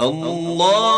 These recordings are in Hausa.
الله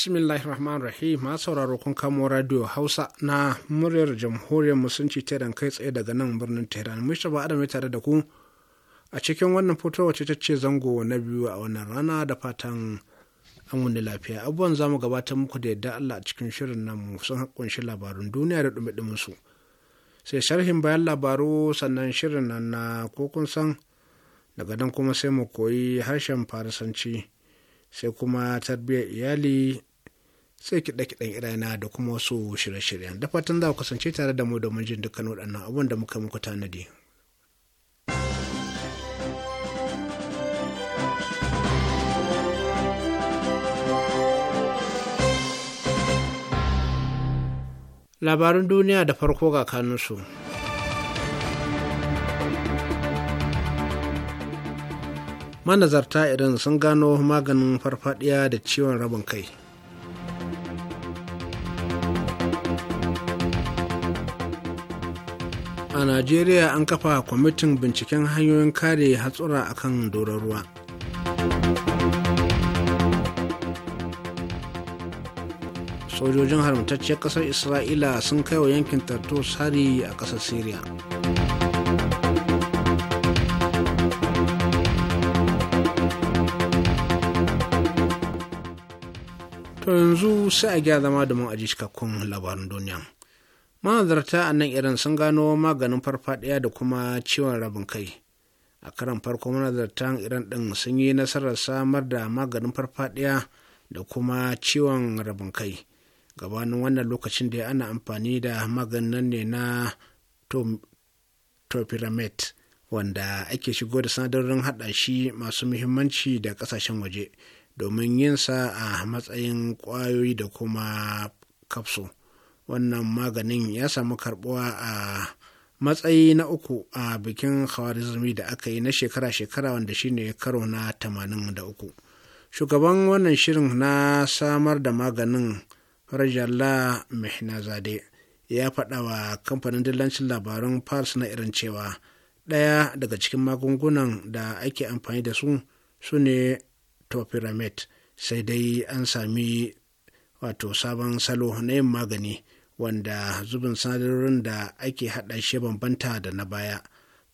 bismillahir rahman rahim ma sauraro kun kamo radio hausa na muryar jamhuriyar musulunci ta iran kai tsaye daga nan birnin tehran shaba adam tare da ku a cikin wannan fito wacce ta ce zango na biyu a wannan rana da fatan amuni lafiya abubuwan zamu gabatar muku da yadda allah a cikin shirin nan sun kunshi labarun duniya da dumi su sai sharhin bayan labaru sannan shirin nan na ko kun san daga nan kuma sai mu koyi harshen farisanci sai kuma tarbiyyar iyali sai kiɗe-kiɗen irana da kuma wasu shirye-shiryen da fatan za ku kasance tare da mu domin jin dukkan waɗannan abin da muka muku tanadi labarin duniya da farko ga kanunsu manazarta irin sun gano maganin farfadiya da ciwon rabin kai a najeriya an kafa kwamitin binciken hanyoyin kare hatsura akan doron ruwa sojojin haramtacciyar kasar isra'ila sun kai wa yankin tarto hari a kasar syria to yanzu sai a gyara zama domin aji cikakkun labarin duniya manazarta a nan irin sun gano maganin farfaɗiya da kuma ciwon rabin kai a karan farko manazartan irin ɗin sun yi nasarar samar da maganin farfaɗiya da kuma ciwon rabin kai gabanin wannan lokacin da ana amfani da maganin ne na topiramate wanda ake shigo da sadarin haɗa shi masu muhimmanci da ƙasashen waje domin yinsa a matsayin ƙwayoyi da kuma kapsul wannan maganin ya samu karbuwa a matsayi na uku a bikin khawarizmi da aka yi na shekara-shekara wanda shine karo na 83 shugaban wannan shirin na samar da maganin rajalla mehnazade ya faɗa wa kamfanin dillancin labarun fars na irin cewa ɗaya daga cikin magungunan da ake amfani da su su ne topiramate sai dai an sami wato sabon salo na yin magani wanda zubin sadarorin da ake haɗa shi bambanta da na baya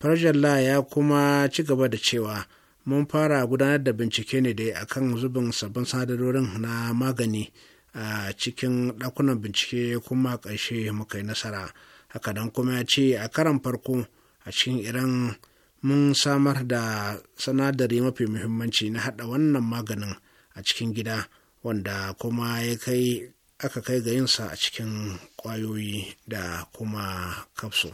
farjalla ya kuma ci gaba da cewa mun fara gudanar da bincike ne dai akan zubin sabbin sadarorin na magani a cikin ɗakunan bincike kuma ƙarshe muka yi nasara hakanan kuma ya ce a karan farko a cikin iran mun samar da sanadari mafi muhimmanci na haɗa wannan maganin a cikin gida wanda kuma ya kai aka kai ga yinsa a cikin ƙwayoyi da kuma kapsul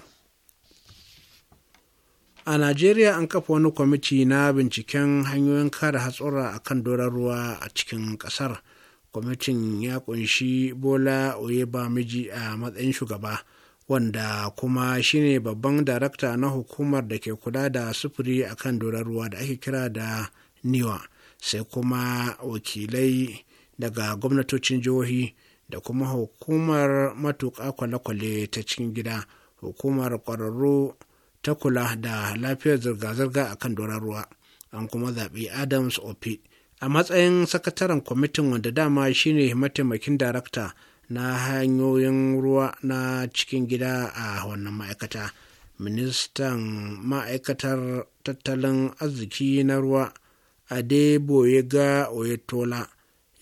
a najeriya an kafa wani kwamiti na binciken hanyoyin kare hatsura a kan doron ruwa a cikin ƙasar kwamitin ya ƙunshi bola oyebamiji a matsayin shugaba wanda kuma shine babban darakta na hukumar da ke kula da sufuri a kan doron ruwa da ake kira da niwa sai kuma wakilai daga gwamnatocin jihohi da kuma hukumar matuƙa kwale-kwale ta cikin gida hukumar ƙwararru ta kula da lafiyar zirga-zirga a kan doron ruwa an kuma zaɓi adams opi a matsayin sakataren kwamitin wanda dama shine mataimakin darakta na hanyoyin ruwa na cikin gida a wannan ma'aikata ministan ma'aikatar tattalin arziki na ruwa adeboyega oyetola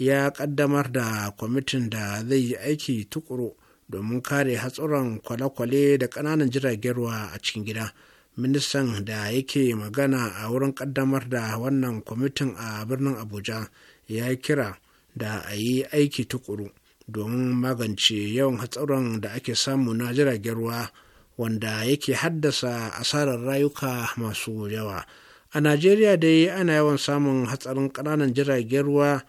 ya kaddamar da kwamitin da zai yi aiki tukuru domin kare hatsuran kwale-kwale da ƙananan jiragen ruwa a cikin gida ministan da yake magana a wurin kaddamar da wannan kwamitin a birnin abuja ya kira da a yi aiki tukuru domin magance yawan hatsuran da ake samu na jiragen ruwa wanda yake haddasa asarar rayuka masu yawa a najeriya dai ana yawan samun hatsarin ƙananan jiragen ruwa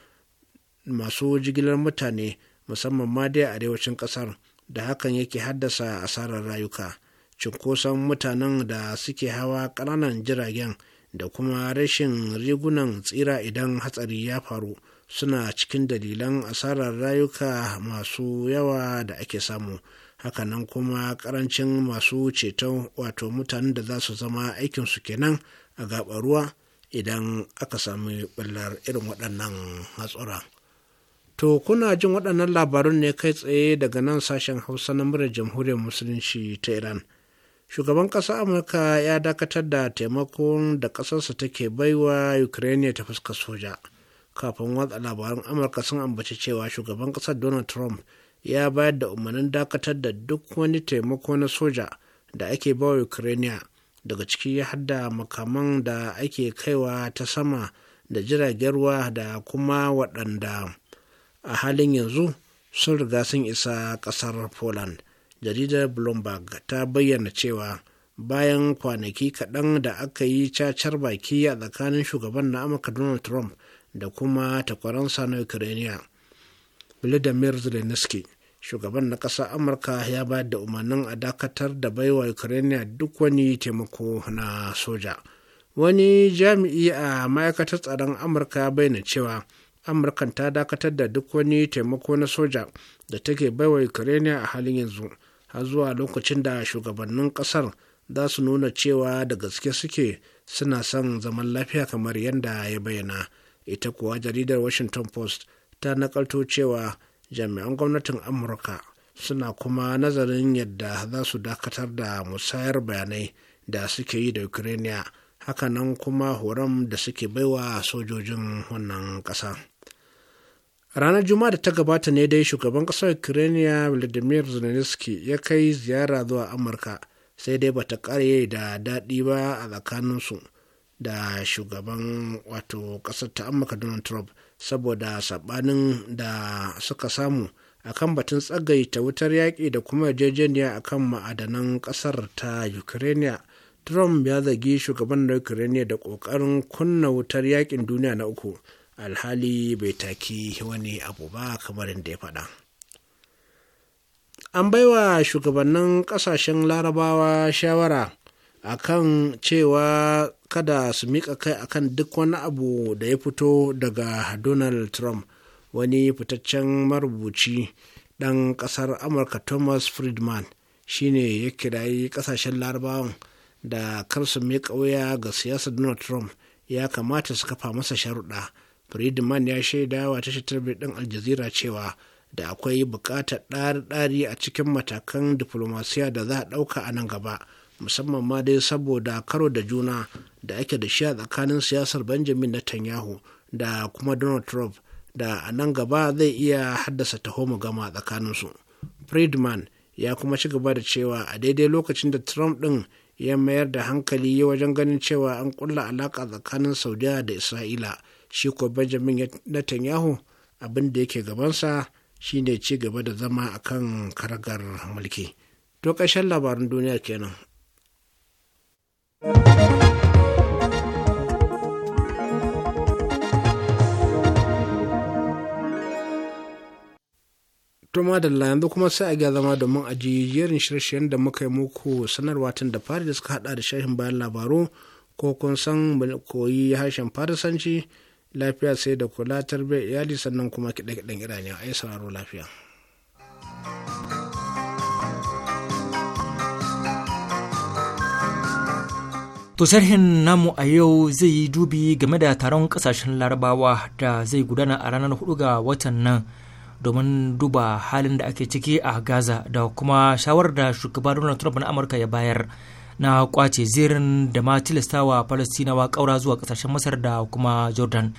masu jigilar mutane musamman ma dai arewacin ƙasar da hakan yake haddasa asarar rayuka cinkoson mutanen da suke hawa ƙananan jiragen da kuma rashin rigunan tsira idan hatsari ya faru suna cikin dalilan asarar rayuka masu yawa da ake samu hakanan kuma ƙarancin masu ceton wato mutanen da za su zama aikinsu kenan a gaɓar ruwa idan aka sami ɓullar irin waɗannan hatsura. To kuna jin waɗannan labarun ne kai tsaye daga nan sashen Hausa na murar Jamhuriyar Musulunci ta Iran. Shugaban ƙasa Amurka ya dakatar da taimakon da ƙasarsa take baiwa Ukraine ta fuska soja. Kafin watsa labaran Amurka sun ambaci cewa shugaban ƙasar Donald Trump ya bayar da umarnin dakatar da duk wani taimako na soja da ake bawa Ukraine daga ciki ya hada makaman da ake kaiwa ta sama da jiragen ruwa da kuma waɗanda a halin yanzu sun riga sun isa ƙasar poland jaridar bloomberg ta bayyana cewa bayan kwanaki kaɗan da aka yi cacar baki a tsakanin shugaban na amurka donald trump da kuma takwaransa na ukraine vladimir zelensky shugaban na ƙasar amurka ya ba da umarnin a dakatar da baiwa ukraine duk wani taimako na soja wani jami'i a ma'aikatar tsaron amurka bayyana cewa amurkan ta dakatar da duk wani taimako na soja da take baiwa ukraine a halin yanzu har zuwa lokacin da shugabannin kasar za su nuna cewa da gaske suke suna son zaman lafiya kamar yadda ya bayyana ita kuwa jaridar washington post ta nakalto cewa jami'an gwamnatin amurka suna kuma nazarin yadda za su dakatar da musayar bayanai da suke yi da ukraine hakanan kuma horon da suke baiwa sojojin wannan ƙasa. ranar juma'a da ta gabata ne dai shugaban ƙasar ukraine vladimir zelensky ya kai ziyara zuwa amurka sai dai bata ƙare da daɗi ba a tsakaninsu da shugaban wato ƙasar ta amurka donald trump saboda saɓanin da suka samu akan batun tsagaita wutar yaƙi da kuma yarjejeniya akan ma'adanan ƙasar ta ukraine trump ya zagi shugaban na ukraine da ƙoƙarin kunna wutar yaƙin duniya na uku alhali bai taki wani abu ba kamar yadda ya faɗa an baiwa shugabannin ƙasashen larabawa shawara akan cewa kada su miƙa kai akan duk wani abu da ya fito daga donald trump wani fitaccen marubuci ɗan ƙasar amurka thomas friedman shine ya kirayi ƙasashen larabawan da kar su miƙa wuya ga siyasar donald trump ya kamata su kafa masa sharuɗa friedman ya shaida wa tashar talabijin ɗin aljazira cewa da akwai buƙatar ɗari-ɗari a cikin matakan diflomasiya da za a ɗauka a nan gaba musamman ma dai saboda karo da juna da ake da shi a tsakanin siyasar benjamin netanyahu da kuma donald trump da a nan gaba zai iya haddasa taho gama tsakanin su. friedman ya kuma ci gaba da cewa a daidai lokacin da trump ɗin ya mayar da hankali wajen ganin cewa an kulla alaƙa tsakanin saudiya da isra'ila shi ko benjamin netanyahu abin da yake gabansa shine ci gaba da zama a kan karagar mulki to ƙarshen labarin duniya kenan to madalla yanzu kuma sai a ga zama domin a jerin shirye-shiryen da muka yi muku sanarwa tun da fari da suka hada da shahin bayan labaru ko kun san koyi harshen farisanci lafiya sai da kula tarbiyyar iyali sannan kuma kiɗe-kiɗen iraniya a yi sauraro lafiya. To sharhin namu a yau zai yi dubi game da taron kasashen larabawa da zai gudana a ranar hudu ga watan nan domin duba halin da ake ciki a Gaza da kuma shawar da shugaban Donald Trump na Amurka ya bayar na kwace zirin da ma tilastawa falastinawa kaura zuwa kasashen masar da kuma jordan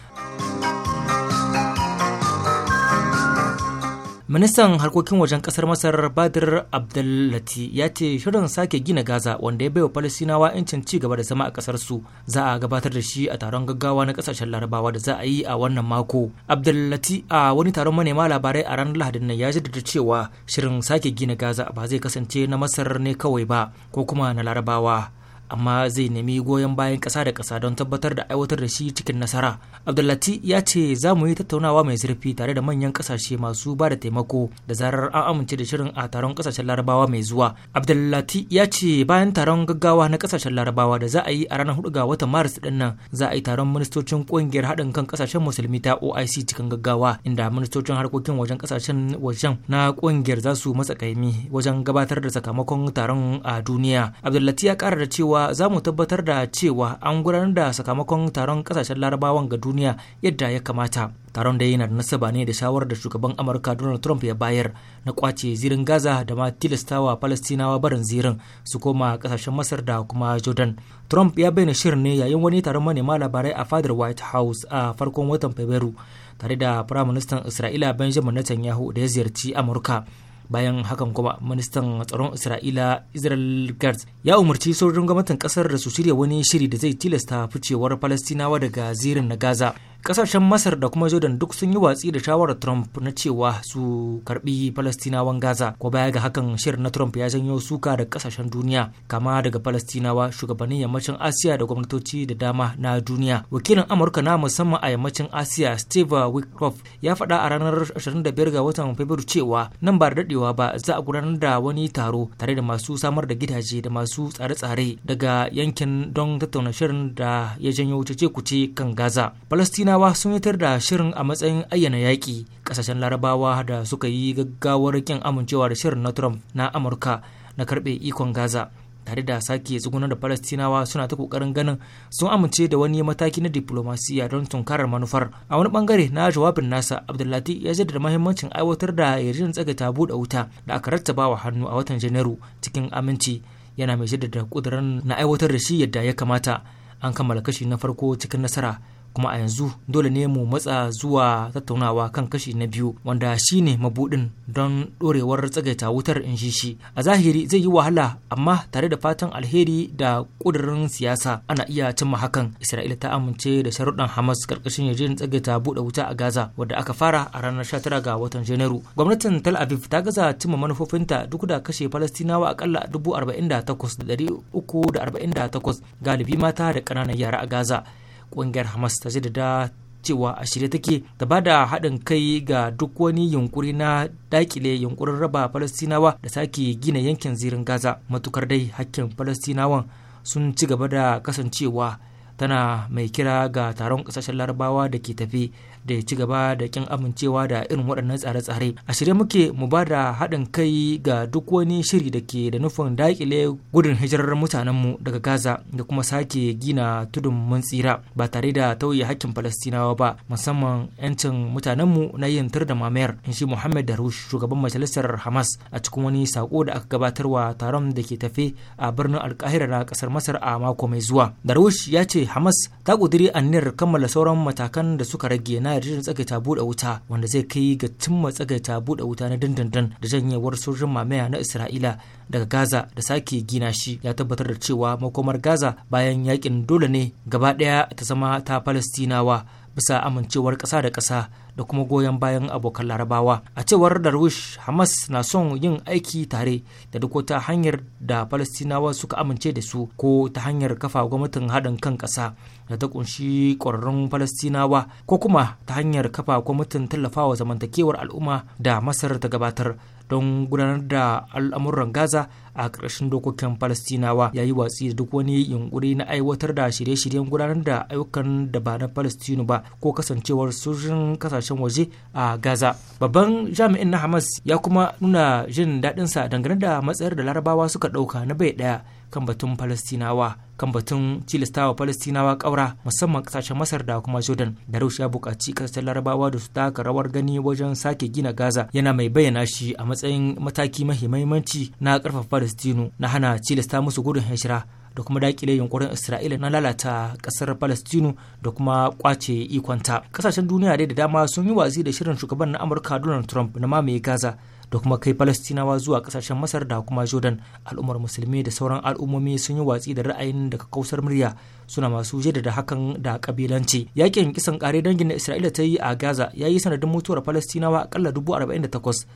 ministan harkokin wajen kasar masar badir abdullati ya ce shirin sake gina gaza wanda ya baiwa falasinawa 'yancin ci gaba da zama a kasar su za a gabatar da shi a taron gaggawa na kasashen larabawa da za a yi a wannan mako abdullati a wani taron manema labarai a ranar lahadin nan ya jaddada cewa shirin sake gina gaza ba zai kasance na masar ne kawai ba ko kuma na larabawa amma zai nemi goyon bayan ƙasa da kasa don tabbatar da aiwatar da shi cikin nasara abdullati ya ce za mu yi tattaunawa mai zurfi tare da manyan kasashe masu ba da taimako da zarar an amince da shirin a taron kasashen larabawa mai zuwa abdullati ya ce bayan taron gaggawa na kasashen larabawa da za a yi a ranar 4 ga watan maris din nan za a yi taron ministocin ƙungiyar haɗin kan ƙasashen musulmi ta oic cikin gaggawa inda ministocin harkokin wajen ƙasashen wajen na ƙungiyar za su matsa kaimi wajen gabatar da sakamakon taron a duniya abdullati ya kara da cewa za mu tabbatar da cewa an gudanar da sakamakon taron kasashen larabawan ga duniya yadda ya kamata taron da yana da nasaba ne da shawarar da shugaban amurka donald trump ya bayar na kwace zirin gaza da ma tilastawa palestinawa barin zirin su koma kasashen masar da kuma jordan trump ya bayyana shirin ne yayin wani taron manema labarai a fadar white house a farkon watan fabrairu tare da firaministan isra'ila benjamin netanyahu da ya ziyarci amurka bayan hakan kuma ministan tsaron isra'ila israel gertz ya umarci sojojin gwamnatin kasar da su shirya wani shiri da zai tilasta ficewar falastinawa daga zirin na gaza kasashen masar da kuma jordan duk sun yi watsi da shawarar trump na cewa su karbi falastinawan gaza ko baya ga hakan shirin na trump ya janyo suka da kasashen duniya kama daga falastinawa shugabannin yammacin asiya da gwamnatoci da dama na duniya wakilin amurka na musamman a yammacin asiya steve wickoff ya faɗa a ranar 25 ga watan fabrairu cewa nan ba da daɗewa ba za a gudanar da wani taro tare da masu samar da gidaje da masu tsare-tsare daga yankin don tattauna shirin da ya janyo cece-kuce kan gaza palestina Iraniyawa sun yatar da shirin a matsayin ayyana yaƙi ƙasashen larabawa da suka yi gaggawar kin amincewa da shirin na Trump na Amurka na karɓe ikon Gaza tare da sake tsugunar da Falastinawa suna ta kokarin ganin sun amince da wani mataki na diplomasiya don tunkarar manufar. A wani bangare na jawabin nasa Abdullati ya jaddada mahimmancin aiwatar da yarjejin tsagaita buɗe wuta da aka rattaba wa hannu a watan Janairu cikin aminci yana mai jaddada ƙudurin na aiwatar da shi yadda ya kamata. an kammala kashi na farko cikin nasara kuma a yanzu dole ne mu matsa zuwa tattaunawa kan kashi na biyu wanda shine mabudin don dorewar tsagaita wutar in shi shi a zahiri zai yi wahala amma tare da fatan alheri da ƙudurin siyasa ana iya cimma hakan isra'ila ta amince da sharuɗan hamas karkashin yajin tsagaita buɗe wuta a gaza wadda aka fara a ranar 19 ga watan janairu gwamnatin tel aviv ta gaza cimma manufofinta duk da kashe falastinawa akalla 48,348 galibi mata da ƙananan yara a gaza ƙungiyar hamas ta da cewa a shirye take ta ba da haɗin kai ga duk wani yunkuri na dakile yunkurin raba falastinawa da sake gina yankin zirin gaza matukar dai hakkin falastinawan sun ci gaba da kasancewa tana mai kira ga taron ƙasashen larabawa da ke tafi da ya ci gaba da kin amincewa da irin waɗannan tsare-tsare a shirye muke mu ba da haɗin kai ga duk wani shiri da ke da nufin daƙile gudun hijirar mutanenmu daga gaza da kuma sake gina tudun mun tsira ba tare da tauye hakkin falastinawa ba musamman 'yancin mutanenmu na yin tur da mamayar in shi muhammad darush shugaban majalisar hamas a cikin wani sako da aka gabatarwa taron da ke tafe a birnin alkahira na kasar masar a mako mai zuwa darush ya ce hamas ta ƙudiri aniyar kammala sauran matakan da suka rage na da yarjejeniyar tsagaita buɗe wuta wanda zai kai ga cimma tsagaita buɗe wuta na dandandan da janyewar sojin mamaya na Isra'ila daga Gaza da sake gina shi ya tabbatar da cewa makomar Gaza bayan yakin dole ne gaba ɗaya ta zama ta palestinawa bisa amincewar ƙasa da ƙasa da kuma goyon bayan abokan larabawa a cewar darwish hamas na son yin aiki tare da duk wata hanyar da palestinawa suka amince da su ko ta hanyar kafa gwamnatin haɗin kan ƙasa da ta kunshi kwararrun falastinawa ko kuma ta hanyar kafa kwamitin tallafawa zamantakewar al'umma da masar ta gabatar don gudanar da al'amuran gaza a ƙarshen dokokin falastinawa ya yi watsi da duk wani yunkuri na aiwatar da shirye-shiryen gudanar da ayyukan da ba na falastinu ba ko kasancewar sojin kasashen waje a gaza babban jami'in na hamas ya kuma nuna jin daɗinsa dangane da matsayar da larabawa suka ɗauka na bai ɗaya kan batun Falastinawa kan batun tilastawa Falastinawa ƙaura musamman ƙasashen Masar da kuma Jordan da Rush ya buƙaci ƙasashen Larabawa da su taka rawar gani wajen sake gina Gaza yana mai bayyana shi a matsayin mataki mahimmanci na ƙarfafa Falastinu na hana tilasta musu gudun hijira da kuma dakile yunkurin Isra'ila na lalata ƙasar Falastinu da kuma kwace ikonta. Ƙasashen duniya dai da dama sun yi watsi da shirin shugaban na Amurka Donald Trump na mamaye Gaza da kuma kai falastinawa zuwa kasashen masar da kuma jordan al'ummar musulmi da sauran al'ummomi sun yi watsi da ra'ayin daga kausar murya suna masu da hakan da kabilanci yakin kisan kare dangin da isra'ila ta yi a gaza ya yi sanadin mutuwar falastinawa akalla dubu arba'in da takwas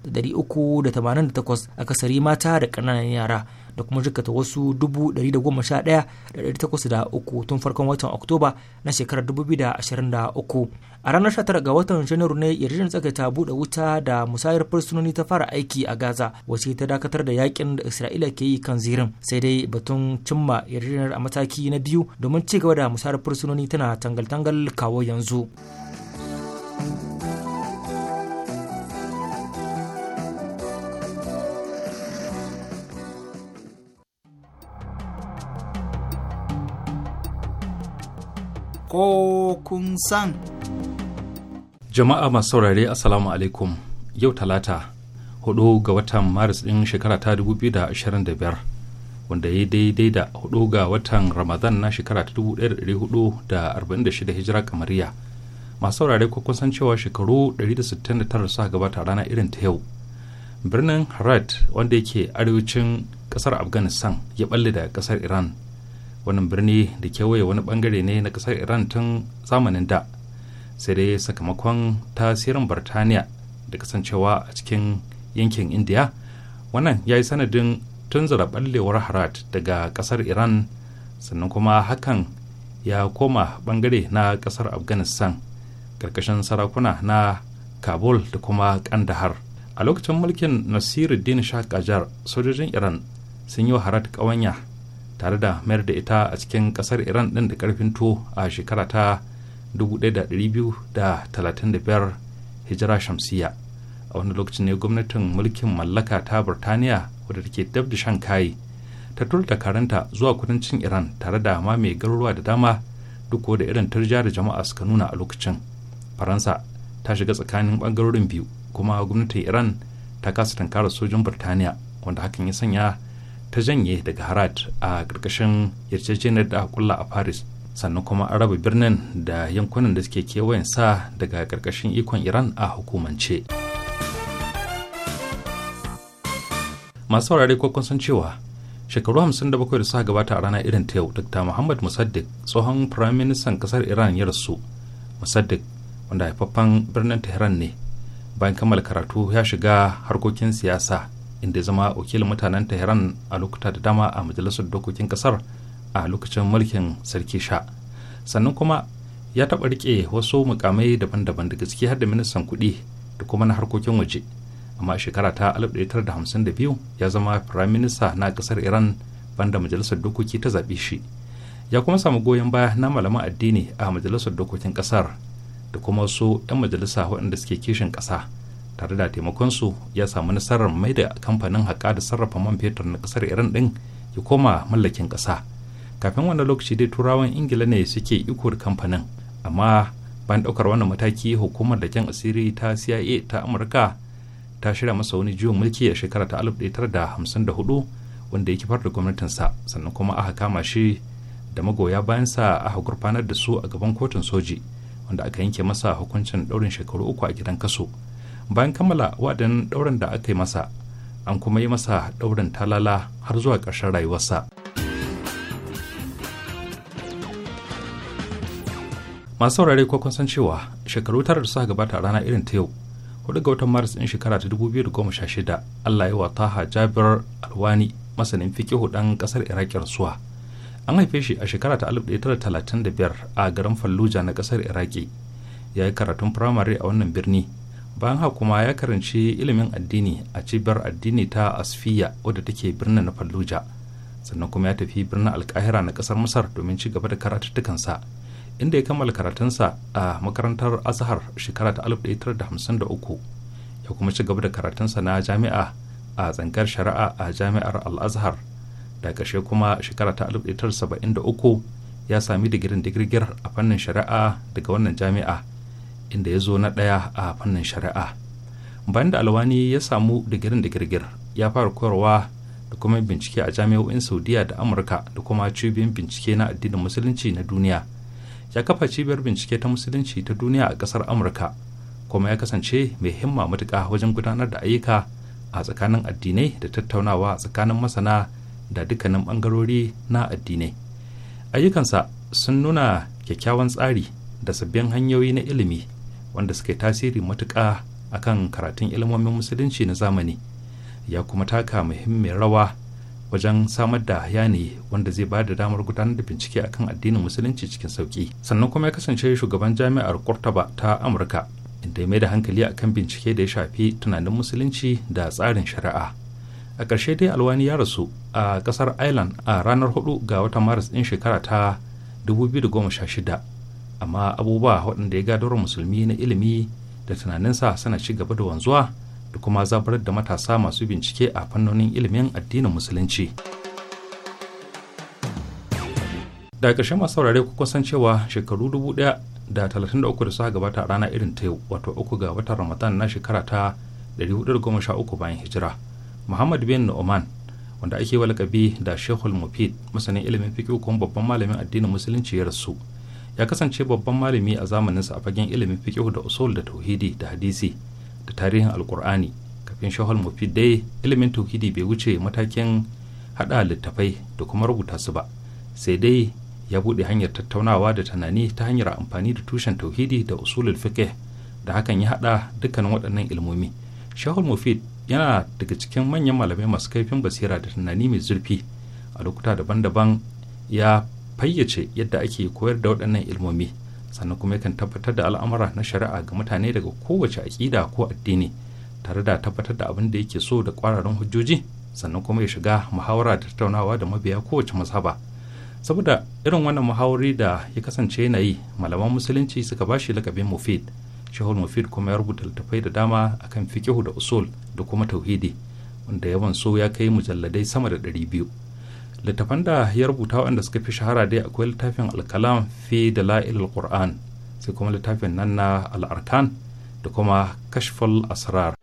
akasari mata da ƙananan yara da kuma jikata wasu 111,803 tun farkon watan oktoba na shekarar 2023 a ranar 19 ga watan janairu ne yarjejen tsakaita ta buɗe wuta da musayar fursunoni ta fara aiki a gaza wacce ta dakatar da yakin da isra'ila ke yi kan zirin sai dai batun cimma yarjejenar a mataki na biyu domin ci gaba da musayar fursunoni tana tangal-tangal kawo yanzu. ko kun san. Jama'a masu saurare Assalamu alaikum yau talata hudu ga watan Maris ɗin shekara ta 2025 wanda ya daidai da hudu ga watan Ramadan na shekara ta 1446 hijira kamariya. Masu saurare ko kun san cewa shekaru 169 suka gabata rana irin ta yau. Birnin Herat wanda yake arewacin kasar Afghanistan ya balle da kasar Iran wannan birni da kewaye wani bangare ne na kasar iran tun zamanin da sai dai sakamakon tasirin birtaniya da kasancewa a cikin yankin indiya wannan ya yi sanadin tunzura ballewar harat daga kasar iran sannan kuma hakan ya koma bangare na kasar afghanistan karkashin sarakuna na kabul da kuma kandahar a lokacin mulkin nasiruddin shah qajar sojojin iran sun yi wa harat ƙawanya tare da mayar da ita a cikin kasar iran din da karfin to a shekara ta 1235 hijira shamsiya a wani lokacin ne gwamnatin mulkin mallaka ta burtaniya wadda take dab da shan kayi ta turta karanta zuwa kudancin iran tare da ma mai garuruwa da dama duk da irin turja da jama'a suka nuna a lokacin faransa ta shiga tsakanin bangarorin biyu kuma gwamnatin iran ta kasa tankara sojin burtaniya wanda hakan ya sanya ta janye daga harad a ƙarƙashin yarjejeniyar da aka a paris sannan kuma an raba birnin da yankunan da suke kewayen sa daga ƙarƙashin ikon iran a hukumance masu saurare ko san cewa shekaru 57 da suka gabata a rana irin ta yau dr muhammad musaddiq tsohon firaministan kasar iran ya rasu musaddiq wanda haifaffen birnin tehran ne bayan kammala karatu ya shiga harkokin siyasa inda zama wakilin mutanen tehran a lokuta da dama a majalisar dokokin kasar a lokacin mulkin sarki sha sannan kuma ya taɓa rike wasu mukamai daban-daban da gaske har da ministan kuɗi da kuma na harkokin waje amma a shekara ta 1952 ya zama firayim minista na kasar iran banda majalisar dokoki ta zaɓe shi ya kuma samu goyon baya na malaman addini a majalisar dokokin kasar da kuma wasu 'yan majalisa waɗanda suke kishin ƙasa tare da taimakon su ya samu nasarar mai da kamfanin haƙa da sarrafa man fetur na ƙasar iran ɗin ya koma mallakin ƙasa kafin wannan lokaci dai turawan ingila ne suke iko da kamfanin amma bayan ɗaukar wannan mataki hukumar da kyan asiri ta cia ta amurka ta shirya masa wani juyin mulki a shekara ta 1954 wanda ya kifar da gwamnatin sa sannan kuma aka kama shi da magoya bayan sa aka gurfanar da su a gaban kotun soji wanda aka yanke masa hukuncin ɗaurin shekaru uku a gidan kaso bayan kammala wa'adin ɗaurin da aka yi masa an kuma yi masa ɗaurin talala har zuwa ƙarshen rayuwarsa masu saurare ko kun san cewa shekaru tara da suka gabata rana irin ta yau hudu ga watan maris ɗin shekara ta 2016 allah ya wa taha jabir alwani masanin fikihu ɗan ƙasar iraki rasuwa an haife shi a shekara ta 1935 a garin fallujah na ƙasar iraki ya yi karatun firamare a wannan birni bayan haka kuma ya karanci ilimin addini a cibiyar addini ta asfiya wadda take birnin na falluja sannan kuma ya tafi birnin alkahira na kasar masar domin ci gaba da karatuttukansa inda ya kammala karatunsa a makarantar azhar shekara ta 1953 ya kuma ci gaba da karatunsa na jami'a a zangar shari'a a jami'ar al-azhar da ƙarshe kuma shekara ta 1973 ya sami digirin digirgir a fannin shari'a daga wannan jami'a inda ya zo na ɗaya a fannin shari'a bayan da alwani ya samu digirin da girgir ya fara koyarwa da kuma bincike a jami'o'in saudiya da amurka da kuma cibiyar bincike na addinin musulunci na duniya ya kafa cibiyar bincike ta musulunci ta duniya a ƙasar amurka kuma ya kasance mai himma matuƙa wajen gudanar da ayyuka a tsakanin addinai da tattaunawa a tsakanin masana da dukkanin bangarori na addinai ayyukansa sun nuna kyakkyawan tsari da sabbin hanyoyi na ilimi wanda suka yi tasiri matuƙa kan karatun ilmomin musulunci na zamani ya kuma taka muhimmin rawa wajen samar da yani wanda zai ba da damar gudanar da bincike akan addinin musulunci cikin sauƙi. sannan kuma ya kasance shugaban jami'ar kurtaba ta amurka inda ya mai da hankali akan bincike da ya shafi tunanin musulunci da tsarin shari'a a ƙarshe dai alwani ya rasu a ƙasar ireland a ranar 4 ga watan maris ɗin shekara ta 2016 amma abubuwa waɗanda ya gadar musulmi na ilimi da tunaninsa suna ci gaba da wanzuwa da kuma zabar da matasa masu bincike a fannonin ilimin addinin musulunci da ƙarshe masu saurare ku kusan cewa shekaru dubu ɗaya da talatin da uku da suka gabata a rana irin ta yau wato uku ga watan ramadan na shekara ta uku bayan hijira muhammad bin nu'man wanda ake walakabi da shehul mufid masanin ilimin fiƙi kuma babban malamin addinin musulunci ya rasu ya kasance babban malami a zamaninsa a fagen ilimin fiqh da usul da tauhidi da hadisi da tarihin alkur'ani kafin shahal mufid dai ilimin tauhidi bai wuce matakin haɗa littafai da kuma rubuta su ba sai dai ya buɗe hanyar tattaunawa da tunani ta hanyar amfani da tushen tauhidi da usulul fiqh da hakan ya haɗa dukkanin waɗannan ilmomi shahul mufid yana daga cikin manyan malamai masu kaifin basira da tunani mai zurfi a lokuta daban-daban ya fayyace yadda ake koyar da waɗannan ilmomi sannan kuma yakan tabbatar da al'amura na shari'a ga mutane daga kowace aƙida ko addini tare da tabbatar da abin da yake so da ƙwararrun hujjoji sannan kuma ya shiga muhawara da tattaunawa da mabiya kowace mazhaba saboda irin wannan muhawari da ya kasance yana yi malaman musulunci suka ba shi lakabin mufid shehul mufid kuma ya rubuta littattafai da dama akan fiqihu da usul da kuma tauhidi wanda yawan so ya kai mujalladai sama da 200 littafan da ya rubuta waɗanda suka fi shahara dai akwai littafin alkalam fi da la'ilul qur'an sai kuma littafin nan na al'arkan da kuma kashfal asrar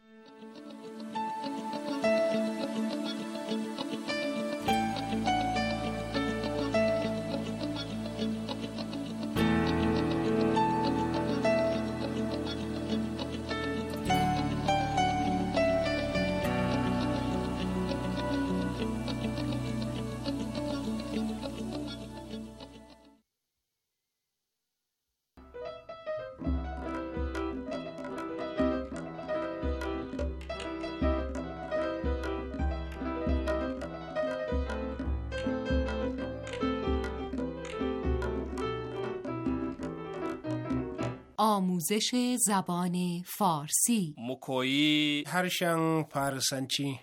آموزش زبان فارسی مکویی هرشن فارسنچی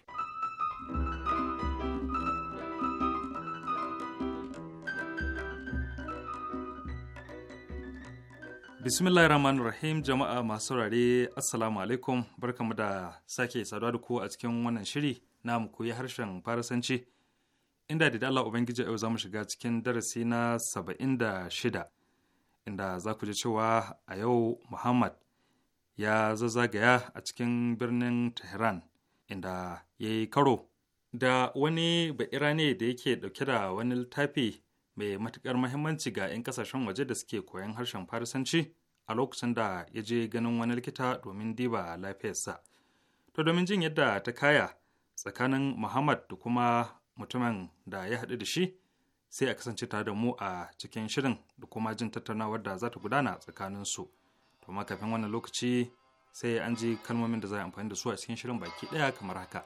bismillah rahman rahim jama'a masu rare assalamu alaikum barkamu da sake saduwa da ku a cikin wannan shiri na mu koyi harshen farasanci inda da Allah Ubangiji yau za mu shiga cikin darasi na saba'in da shida inda za ku ji cewa a yau Muhammad ya zazzagaya a cikin birnin Tehran inda ya yi karo da wani ba'ira ne da yake dauke da wani littafi mai matukar mahimmanci ga 'yan kasashen waje da suke koyan harshen farisanci a lokacin da ya je ganin wani likita domin diba lafiyarsa. To domin jin yadda ta kaya tsakanin Muhammad da kuma mutumin da ya haɗu da shi sai a kasance tare da mu a cikin shirin da kuma jin tattaunawar da za ta gudana tsakanin su to ma kafin wannan lokaci sai an ji kalmomin da za a amfani da su a cikin shirin baki ɗaya kamar haka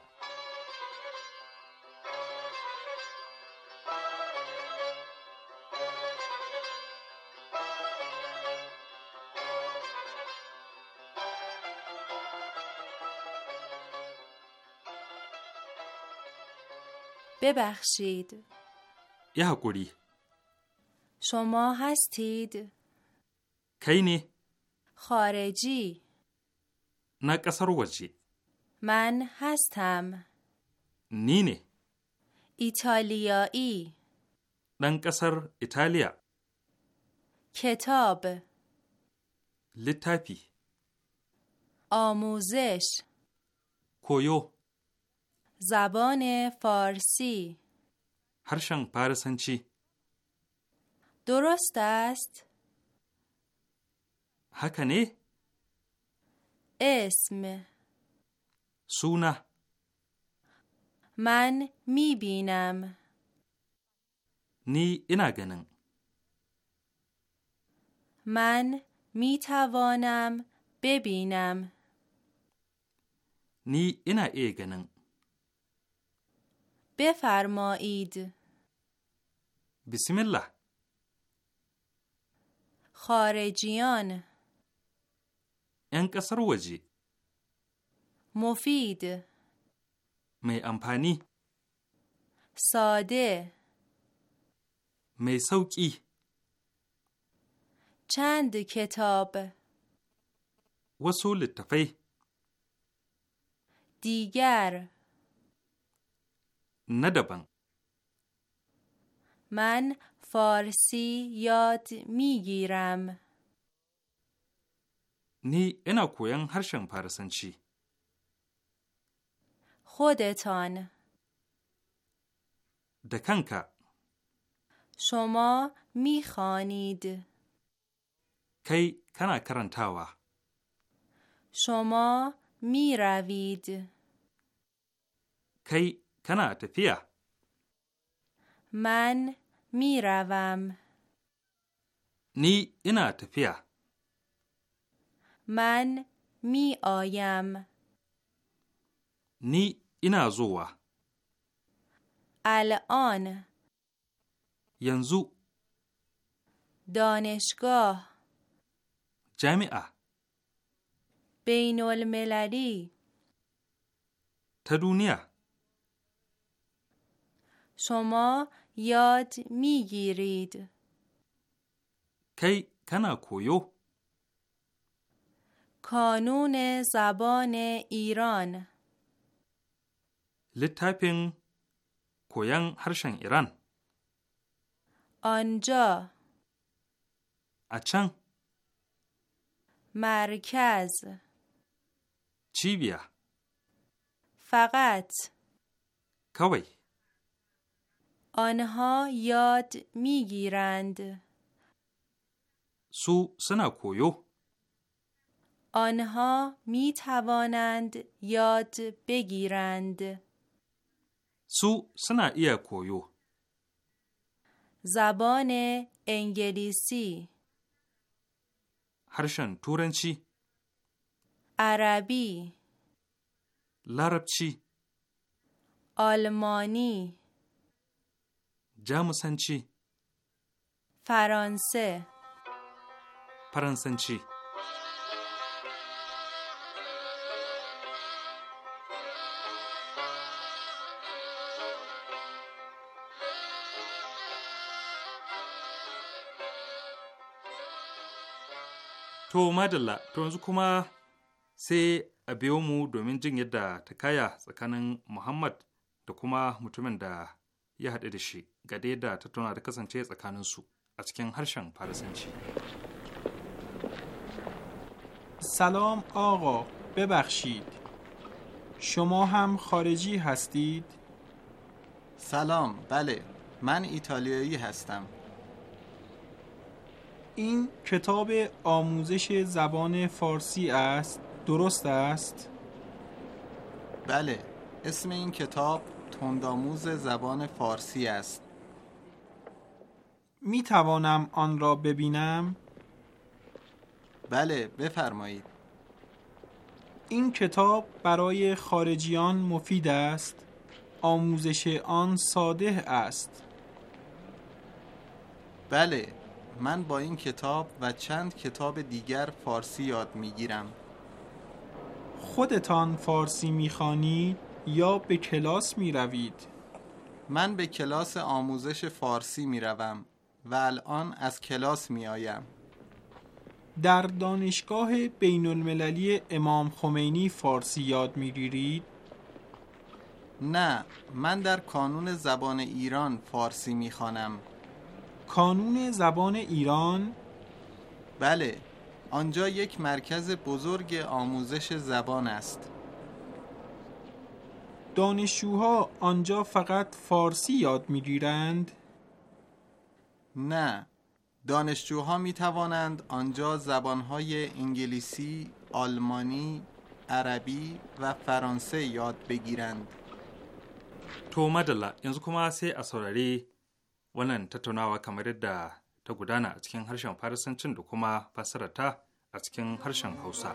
ببخشید یا حقوری شما هستید؟ کینی خارجی نه قصر وجی من هستم نینی ایتالیایی من کسر ایتالیا کتاب لطفی آموزش کویو زبان فارسی هرشن چی؟ درست است هکنه اسم سونه من می بینم نی اینا گنن من می توانم ببینم نی اینا ای گنن بفرمایید بسم الله خارجیان انکسر وجی مفید می امپانی ساده می سوکی چند کتاب وصول تفی دیگر ندبن من فارسی یاد میگیرم نی اینا کویان پرسن چی؟ خودتان دکنکا شما میخوانید کی کنا کرنتاوا شما میروید کی کنا تفیه من میروم نی اینا تفیه من می آیم نی اینا زوه الان ینزو دانشگاه جامعه بین المللی تا دنیا شما یاد میگیرید کی کنا کویو کانون زبان ایران لیتایپینگ کویان هرشن ایران آنجا اچن مرکز چی بیا فقط کوی آنها یاد میگیرند سو سنا کویو آنها می توانند یاد بگیرند سو سنا ایا کویو زبان انگلیسی هرشن تورنچی عربی لربچی آلمانی jamusanci فرانسه فرانسنچی To madalla, to yanzu kuma sai a biyo mu domin jin yadda ta kaya tsakanin Muhammad da kuma mutumin da ya haɗu da shi ga da tattauna da kasance tsakaninsu a cikin harshen farisanci. سلام آقا ببخشید شما هم خارجی هستید؟ سلام بله من ایتالیایی هستم این کتاب آموزش زبان فارسی است درست است؟ بله اسم این کتاب تنداموز زبان فارسی است می توانم آن را ببینم؟ بله بفرمایید این کتاب برای خارجیان مفید است آموزش آن ساده است بله من با این کتاب و چند کتاب دیگر فارسی یاد می گیرم خودتان فارسی می خانید؟ یا به کلاس می روید؟ من به کلاس آموزش فارسی می روم و الان از کلاس می آیم. در دانشگاه بین المللی امام خمینی فارسی یاد می نه من در کانون زبان ایران فارسی می خوانم. کانون زبان ایران؟ بله آنجا یک مرکز بزرگ آموزش زبان است. دانشجوها آنجا فقط فارسی یاد میگیرند؟ نه دانشجوها می آنجا زبانهای انگلیسی، آلمانی، عربی و فرانسه یاد بگیرند. تو مدلا ینزو کما سی اسوراری wannan tattaunawa kamar yadda ta gudana a cikin harshen farisancin da kuma fassarata a cikin harshen hausa.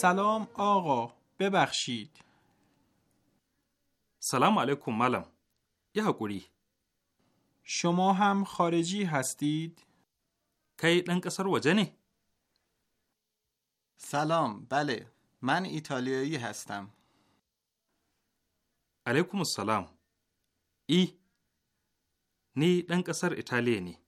سلام آقا ببخشید سلام علیکم ملم یه حکوری شما هم خارجی هستید؟ کی دن قصر وجه سلام بله من ایتالیایی هستم علیکم السلام ای نی دن ایتالیایی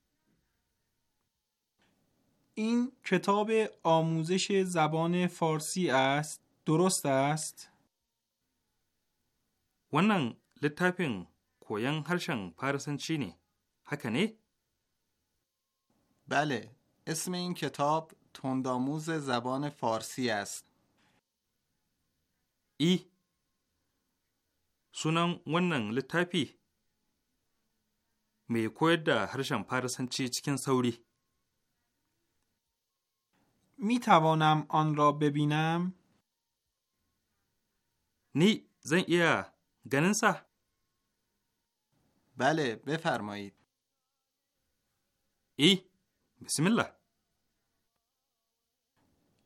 این کتاب آموزش زبان فارسی است درست است wannan littafin koyon harshen farisanci ne haka ne بله اسم این کتاب تندآموز زبان فارسی است ای sunan wannan littafi mai koyar da harshen farisanci cikin sauri می توانم آن را ببینم؟ نی زن یا گننسا بله بفرمایید ای بسم الله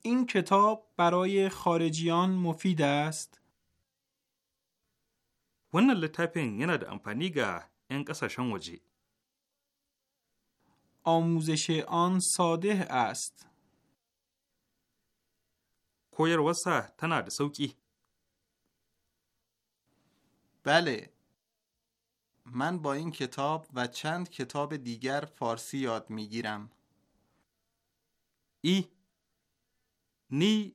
این کتاب برای خارجیان مفید است wannan littafin yana da amfani ga 'yan ƙasashen آموزش آن ساده است. koyarwarsa tana da sauƙi. بله من با این کتاب و چند کتاب دیگر فارسی یاد میگیرم ای نی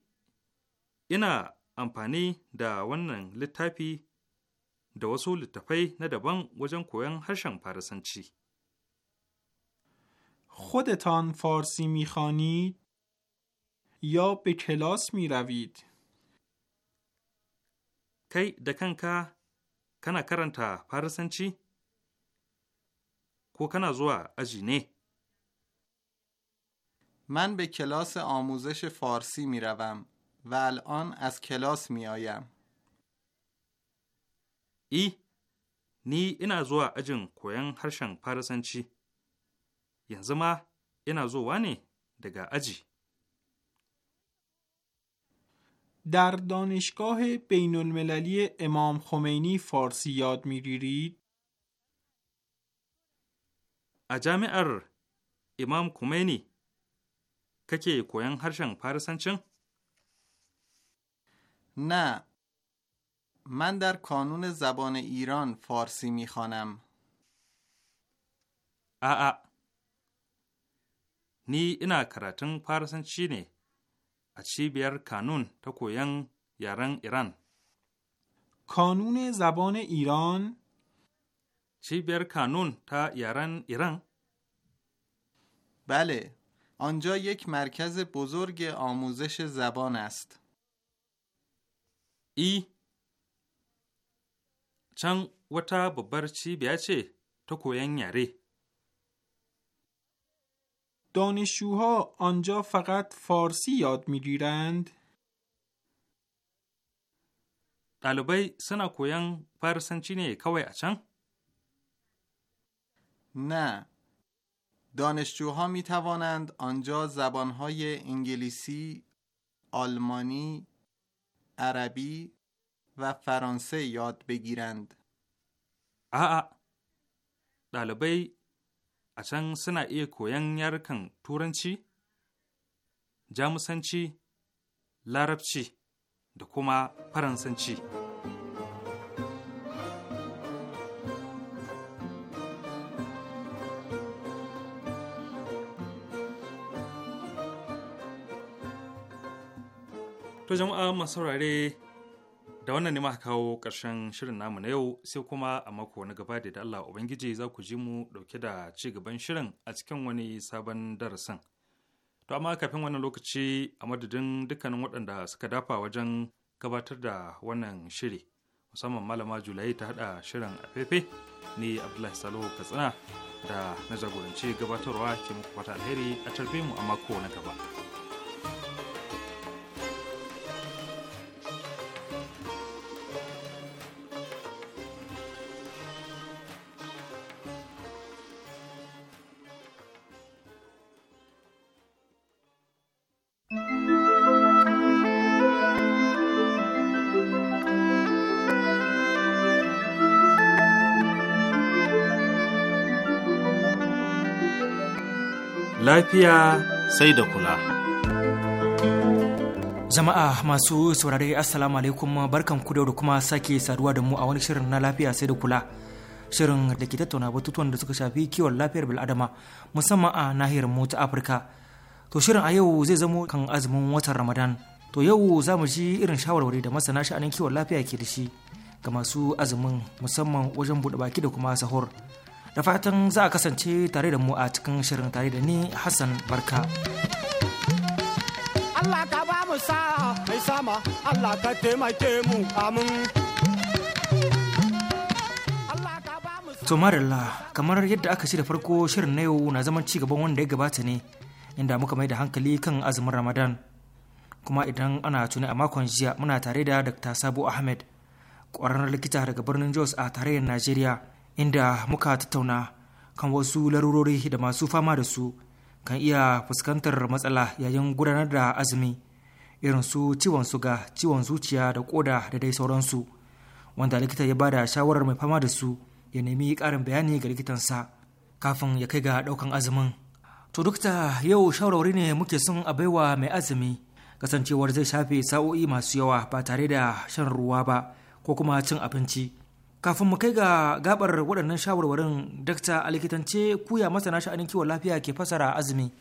اینا امپانی دا ونن لطفی da وسو littafai na daban wajen koyon خودتان فارسی میخوانید؟ یا به کلاس می روید؟ کی دکنکا کنا کرنتا پارسنچی؟ کو کنا زوا اجی نه؟ من به کلاس آموزش فارسی می روم و الان از کلاس می آیم. ای نی اینا زوا اجن کوین هرشن پارسنچی. ینزما اینا زوا نه دگا اجی. در دانشگاه بین المللی امام خمینی فارسی یاد میگیرید؟ اجام ار امام خمینی ککی کوین هرشن پارسان چن؟ نه من در کانون زبان ایران فارسی می خوانم. نی اینا کراتن پارسان چی نه؟ a cibiyar قانون تا koyon yaren ایران؟ کانون زبان ایران چیبر کانون تا یاران ایران بله آنجا یک مرکز بزرگ آموزش زبان است ای چنگ وتا ببر چی چه تو کوین یاری؟ دانشجوها آنجا فقط فارسی یاد میگیرند؟ طالبای سنا کویان کوی نه دانشجوها می توانند آنجا زبانهای انگلیسی، آلمانی، عربی و فرانسه یاد بگیرند. آ آ. a can suna iya koyon yarukan Turanci, Jamusanci, Larabci da kuma Faransanci. To jama'a masu da wannan ne ma kawo karshen shirin namu na yau sai kuma a mako na gaba da Allah ubangiji za ku ji mu dauke da ci gaban shirin a cikin wani sabon darasin to amma kafin wannan lokaci a madadin dukkanin waɗanda suka dafa wajen gabatar da wannan shiri musamman malama julai ta hada shirin a fefe ne abdullahi salihu katsina da na jagoranci gabatarwa ke muku fata alheri a tarbe mu a mako na gaba. lafiya sai da kula. Jama'a masu saurare Assalamu alaikum barkan ku da kuma sake saduwa da mu a wani shirin na lafiya sai da kula. Shirin da ke tattauna batutuwan da suka shafi kiwon lafiyar bil'adama musamman a nahiyar mu ta Afirka. To shirin a yau zai zamo kan azumin watan Ramadan. To yau za mu ji irin shawarwari da masana sha'anin kiwon lafiya ke da shi ga masu azumin musamman wajen buɗe baki da kuma sahur. da fatan za a kasance tare da mu a cikin shirin tare da ni Hassan Barka. Allah ka ba mu sa mai sama Allah ka taimake mu amin. To marilla kamar yadda aka shi da farko shirin na yau na zaman ci gaban wanda ya gabata ne inda muka mai da hankali kan azumin Ramadan. kuma idan ana tuni a makon jiya muna tare da Dr. Sabo Ahmed ƙwararren likita daga birnin Jos a tarayyar Najeriya inda muka tattauna kan wasu larurori da masu fama da su kan iya fuskantar matsala yayin gudanar da azumi irin su ciwon suga ciwon zuciya da koda da dai sauransu wanda likita ya bada shawarar mai fama da su ya nemi ƙarin bayani ga likitansa kafin ya kai ga ɗaukan azumin to dukta yau shawarwari ne muke son a baiwa mai azumi kasancewar zai shafe sa'o'i masu yawa ba tare da shan ruwa ba ko kuma cin abinci kafin mu kai ga gabar waɗannan shawarwarin dakta a likitance kuya masana sha'anin kiwon lafiya ke fasara azumi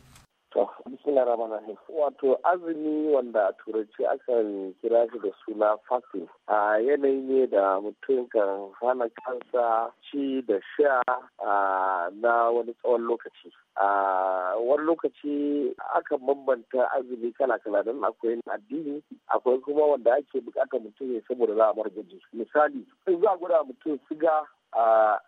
Bismillah Wato azumi wanda a turanci akan kira shi da suna fasting. A yanayi ne da mutum kan hana kansa ci da sha na wani tsawon lokaci. A wani lokaci akan bambanta azumi kala-kala don akwai addini, akwai kuma wanda ake bukatar mutum ne saboda za a gaji. Misali, in za a gwada mutum siga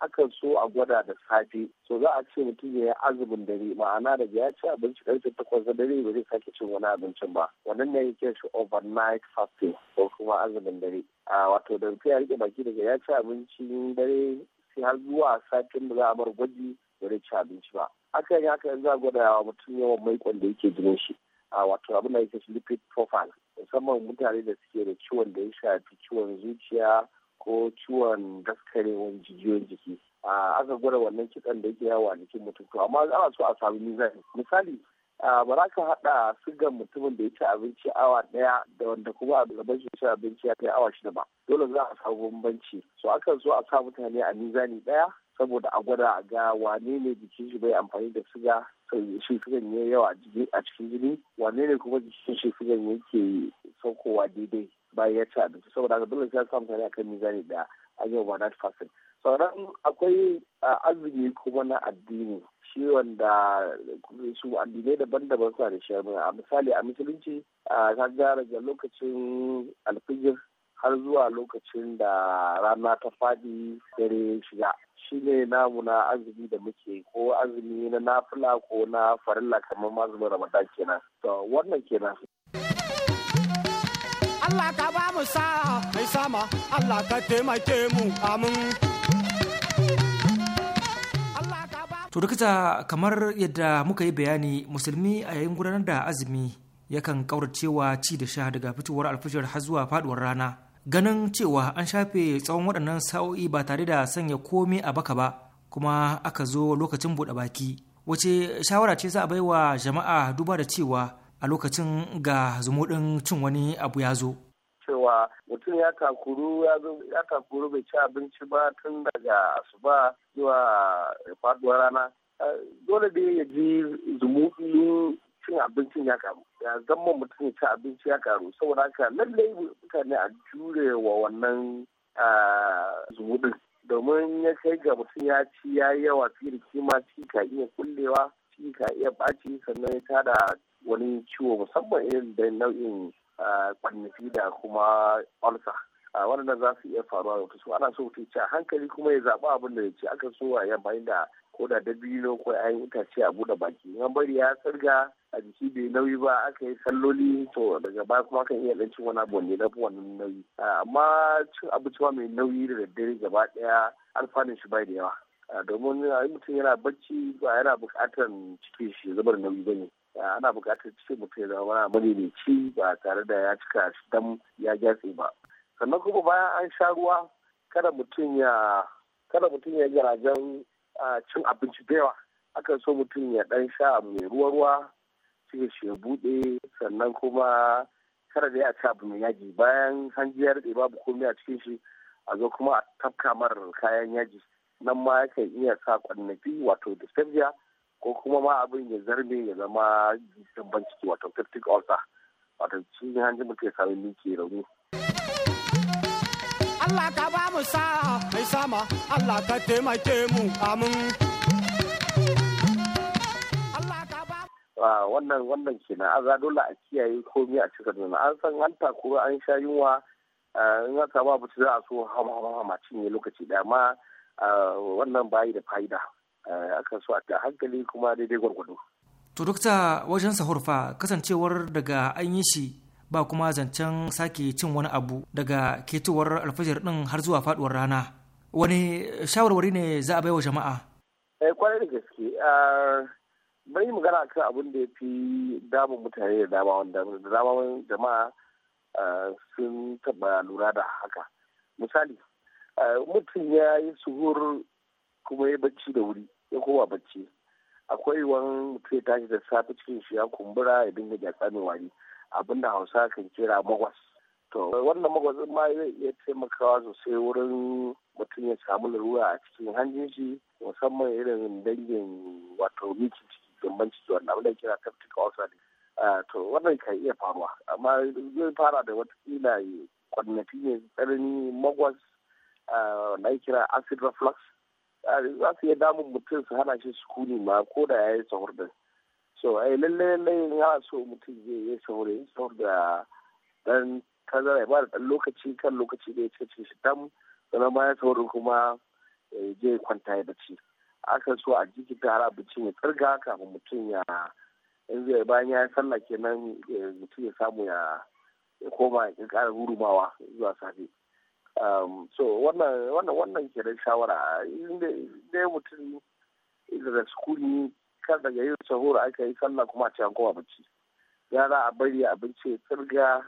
akan so a gwada da safe so za a ce mutum ya yi azumin dare ma'ana daga ya ci abinci karfe takwas da dare ba zai sake cin wani abincin ba wannan ne yake shi overnight fasting ko kuma azumin dare wato da mutum ya rike baki daga ya ci abincin dare sai har zuwa satin da za a bar gwaji ba zai ci abinci ba haka yi haka yanzu a gwada wa mutum yawan mai da yake jinin shi wato abin da yake shi lipid profile musamman mutane da suke da ciwon da ya shafi ciwon zuciya ko ciwon daskarewar jijiyoyin jiki aka gwada wannan kitsan da yake yawa jikin mutum to amma ana so a samu mizani misali ba za ka haɗa sigar mutumin da ya ci abinci awa ɗaya da wanda kuma a gaban shi ci abinci ya kai awa shida ba dole za a samu bambanci so akan so a sa mutane a mizani ɗaya saboda a gwada a ga wane ne jikin shi bai amfani da siga shi sigan ya yawa a cikin jini wane ne kuma jikin shi sigan yake saukowa daidai ba ya ci abinci saboda haka dole sai ya samu mutane akan mizani da an yi wa that fasting sauran akwai azumi kuma na addini shi wanda su addinai daban-daban suna da shi a misali a musulunci ka ga da lokacin alfijir har zuwa lokacin da rana ta fadi dare shiga shi ne namu na azumi da muke ko azumi na nafila ko na farilla kamar mazumin ramadan kenan to wannan kenan Allah ka ba mu sa'a mai sama Allah ka taimake mu amin To rikita kamar yadda muka yi bayani musulmi a yayin gudanar da azumi yakan kauracewa ci da sha daga fitowar alfashar har zuwa faduwar rana ganin cewa an shafe tsawon waɗannan sa'o'i ba tare da sanya komai a baka ba kuma aka zo lokacin buɗe baki wace shawara ce za a baiwa jama'a duba da cewa a lokacin ga zumuɗin cin wani abu ya zo cewa mutum ya takuru ya takuru bai ci abinci ba tun daga asuba zuwa faduwar rana eh, dole dai ya ji zumuɗin cin abincin ya karu ya zama mutum ya ci abinci ya karu saboda haka lallai mutane a jure wa wannan eh, zumuɗin domin ya kai ga mutum ya ci ya yawa fiye da kima ci ka iya kullewa ci ka iya ɓaci sannan ya tada wani ciwo musamman irin da nau'in kwanifi da kuma ulcer waɗannan za su iya faruwa da su ana so ta ci a hankali kuma ya zaɓi abin da ya ci aka so a yamma inda ko da dabino ko ayin itace a buɗe baki in bari ya tsirga a jiki bai nauyi ba aka yi salloli to daga baya kuma kan iya ɗan cin wani abu ne na wannan nauyi amma cin abinci mai nauyi da daddare gaba ɗaya alfanun shi bai da yawa domin a mutum yana bacci ba yana buƙatar cikin shi zubar nauyi ba ne Eh, ana buƙatar cikin mutum ya zama ci ba tare da ya cika shi ya gyatse ba sannan kuma bayan an sha ruwa kada mutum ya kada mutum ya garajen ah, cin abinci da yawa akan so mutum ya dan sha mai ruwa ruwa cikin shi ya buɗe sannan kuma kada da ya ci abu mai yaji bayan hanjiyar ya babu komai a cikin shi a zo kuma a tafka marar kayan yaji nan ma yakan iya sa kwanaki wato dyspepsia ko kuma ma abin ya zarbe ya zama jisabban ciki wato peptic ulcer wato cikin hanji mutum ya sami miki rauni. Allah ka ba mu sa mai sama Allah ka taimake mu amin. wannan wannan kenan an za dole a kiyaye komai a cikin nuna an san an takuru an sha yunwa in aka ba mutu za a so hama hama cinye lokaci da ma wannan bayi da fa'ida akan eh, so a ta hankali kuma daidai gwargwado. To dokta wajen sahur fa kasancewar daga an yi shi ba kuma zancen sake cin wani abu daga ketowar alfajir din har zuwa faduwar rana. Wani shawarwari ne za a baiwa jama'a? Eh kwarai da gaske. Bai ah, magana akan abun da ya fi damun mutane da dama wanda da dama jama'a ah, sun taba lura da haka. Misali, ah, mutum ya yi suhur kuma ya bacci da wuri ya koma bacci akwai wani mutum ya tashi da safe cikin shi ya kumbura ya dinga gyatsa mai wari abinda hausa kan kira magwas to wannan magwasin ma zai taimakawa sosai wurin mutum ya samu larura a cikin hanjin shi musamman irin dangin wato mikin ciki gamban ciki wanda abin kira taftic ulcer to wannan kan iya faruwa amma zai fara da watakila kwanaki ne tsanani magwas wanda kira acid reflux za su iya damun mutum su hana shi sukuni ma ko da ya yi sahur din so ai eh, lalle lalle in ana so mutum zai yi sahur ya sahur da dan tazara ya bada dan lokaci kan lokaci da ya ce shi tam sannan ya sahur kuma eh, je kwanta ya a aka so a jiki ta har abincin ya tsirga kafin mutum ya in zai bayan ya sallah kenan eh, mutum ya samu ya koma ya ƙara hurumawa zuwa safe Um, so wannan wannan ke da shawara inda mutum da sukuni kar daga yin sahura aka yi sallah kuma a ci koma bacci yara a bari abinci ya tsirga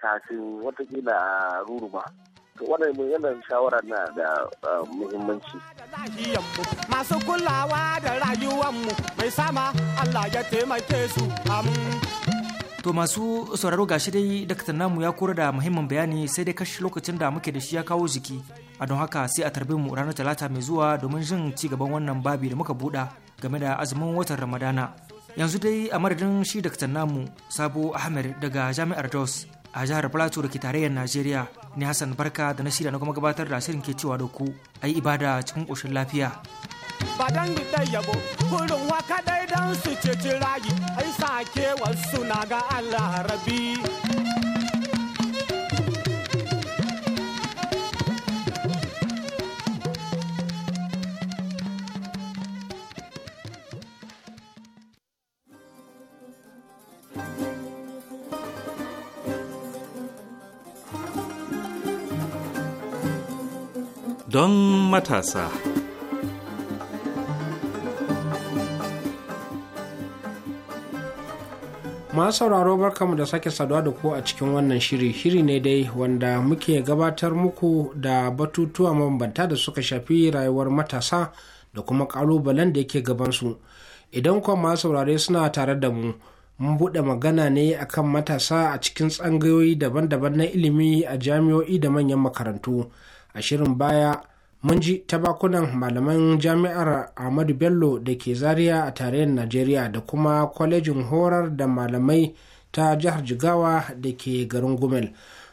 kafin watakila a ruruma to wannan yanayin shawara na da muhimmanci masu kulawa da rayuwar mu mai sama allah ya taimake su amin To masu sauraro gashi dai daktar namu ya kora da muhimmin bayani sai dai kashi lokacin da muke da shi ya kawo jiki. A don haka sai a tarbe mu ranar talata mai zuwa domin jin ci gaban wannan babi da muka buɗa game da azumin watan Ramadana. Yanzu dai a madadin shi daktar namu Sabo Ahmed daga Jami'ar Jos a jihar Plateau da ke tarayyar Najeriya ne Hassan Barka da na shirya na kuma gabatar da shirin ke cewa da ku a yi ibada cikin ƙoshin lafiya. ba dan da yabo gurin waka dai dan su ce rayu ai sake wasu na ga Allah rabi Don matasa masu sauraro barkamu da sake saduwa da ku a cikin wannan shiri shiri ne dai wanda muke gabatar muku da batutuwa mabambanta da suka shafi rayuwar matasa da kuma kalubalen da yake gabansu idan kuma masu saurare suna tare da mu mun buɗe magana ne akan matasa a cikin tsangayoyi daban-daban na ilimi a jami'o'i da manyan makarantu a shirin baya mun ji ta bakunan malaman jami'ar ahmadu bello da ke zaria a tarayyar najeriya da kuma kwalejin horar da malamai ta jihar jigawa da ke garin gumel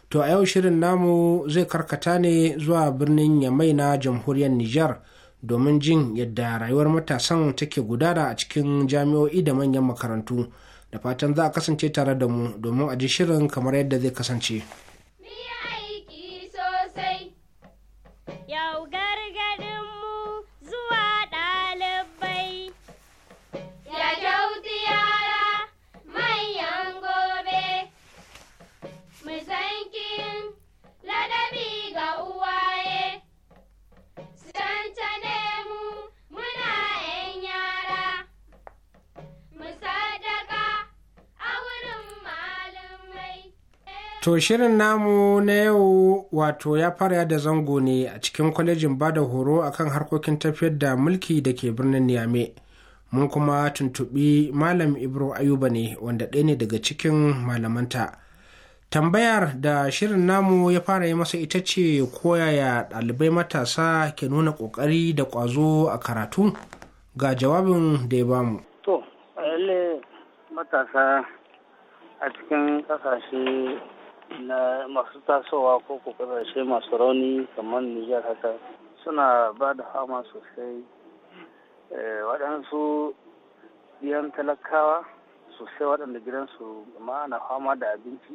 to a yau shirin namu zai karkata ne zuwa birnin yamai na jamhuriyar niger domin jin yadda rayuwar matasan take gudana a cikin jami'o'i da manyan makarantu da fatan za a kasance tare da mu domin a ji shirin kamar yadda zai kasance. Yo, good To shirin namu na yau wato ya fara da zango ne a cikin kwalejin bada horo a kan harkokin tafiyar da mulki da ke birnin niame Mun kuma tuntuɓi Malam Ibro Ayuba ne wanda ɗaya ne daga cikin malamanta. Tambayar da shirin namu ya fara yi masa ita ce koyaya ɗalibai matasa ke nuna ƙoƙari da ƙwazo a karatu ga jawabin da ya bamu. To, matasa a cikin ƙasashe na masu tasowa ko kasashe masu rauni kamar Nijar haka suna ba da fama sosai eh, waɗansu biyan talakawa sosai waɗanda gidansu ma na fama da abinci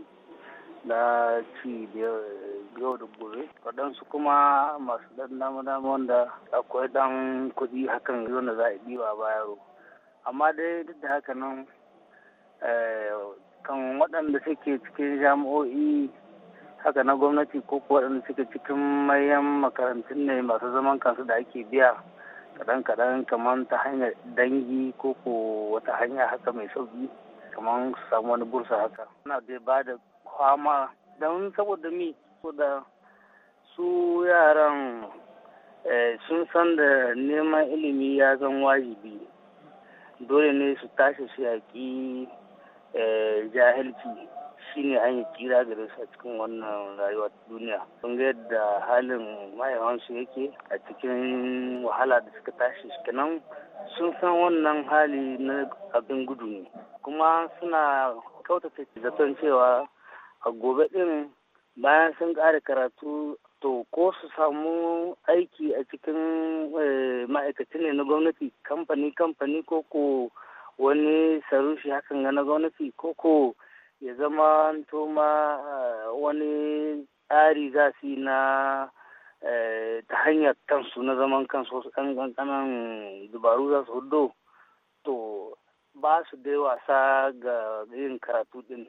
na ci yau da gobe waɗansu kuma masu ɗan dama wanda akwai ɗan kuɗi hakan wanda za a ɗiba ba amma dai duk da haka nan eh, kan waɗanda suke cikin jami'o'i haka na gwamnati ko kuwa waɗanda suke cikin mayan makarantun ne masu zaman kansu da ake biya kaɗan-kaɗan kamar ta hanyar dangi ko ko wata hanya haka mai sauƙi kamar su samu wani bursa haka. Ina dai ba da kwama don saboda mi da su yaran eh, sun san da neman ilimi ya zan wajibi dole ne su tashi su yaƙi Eh, jahilci shi ne an yi kira gare su a cikin wannan rayuwar duniya Sun ga yadda halin mahaifansu yake a cikin wahala da suka tashi kenan sun san wannan hali na abin gudu ne kuma suna kyautata zaton cewa a gobe din bayan sun ƙara karatu to ko su samu aiki a cikin eh, ma'aikacin ne na gwamnati kamfani kamfani ko ko wani sarushi hakan ga na gwamnati koko ya zama ma eh, wani tsari za su yi na eh, ta hanyar kansu na zaman kansu wasu ɗan ƙanƙanan dubaru za su hudu to ba su dai wasa ga yin karatu ɗin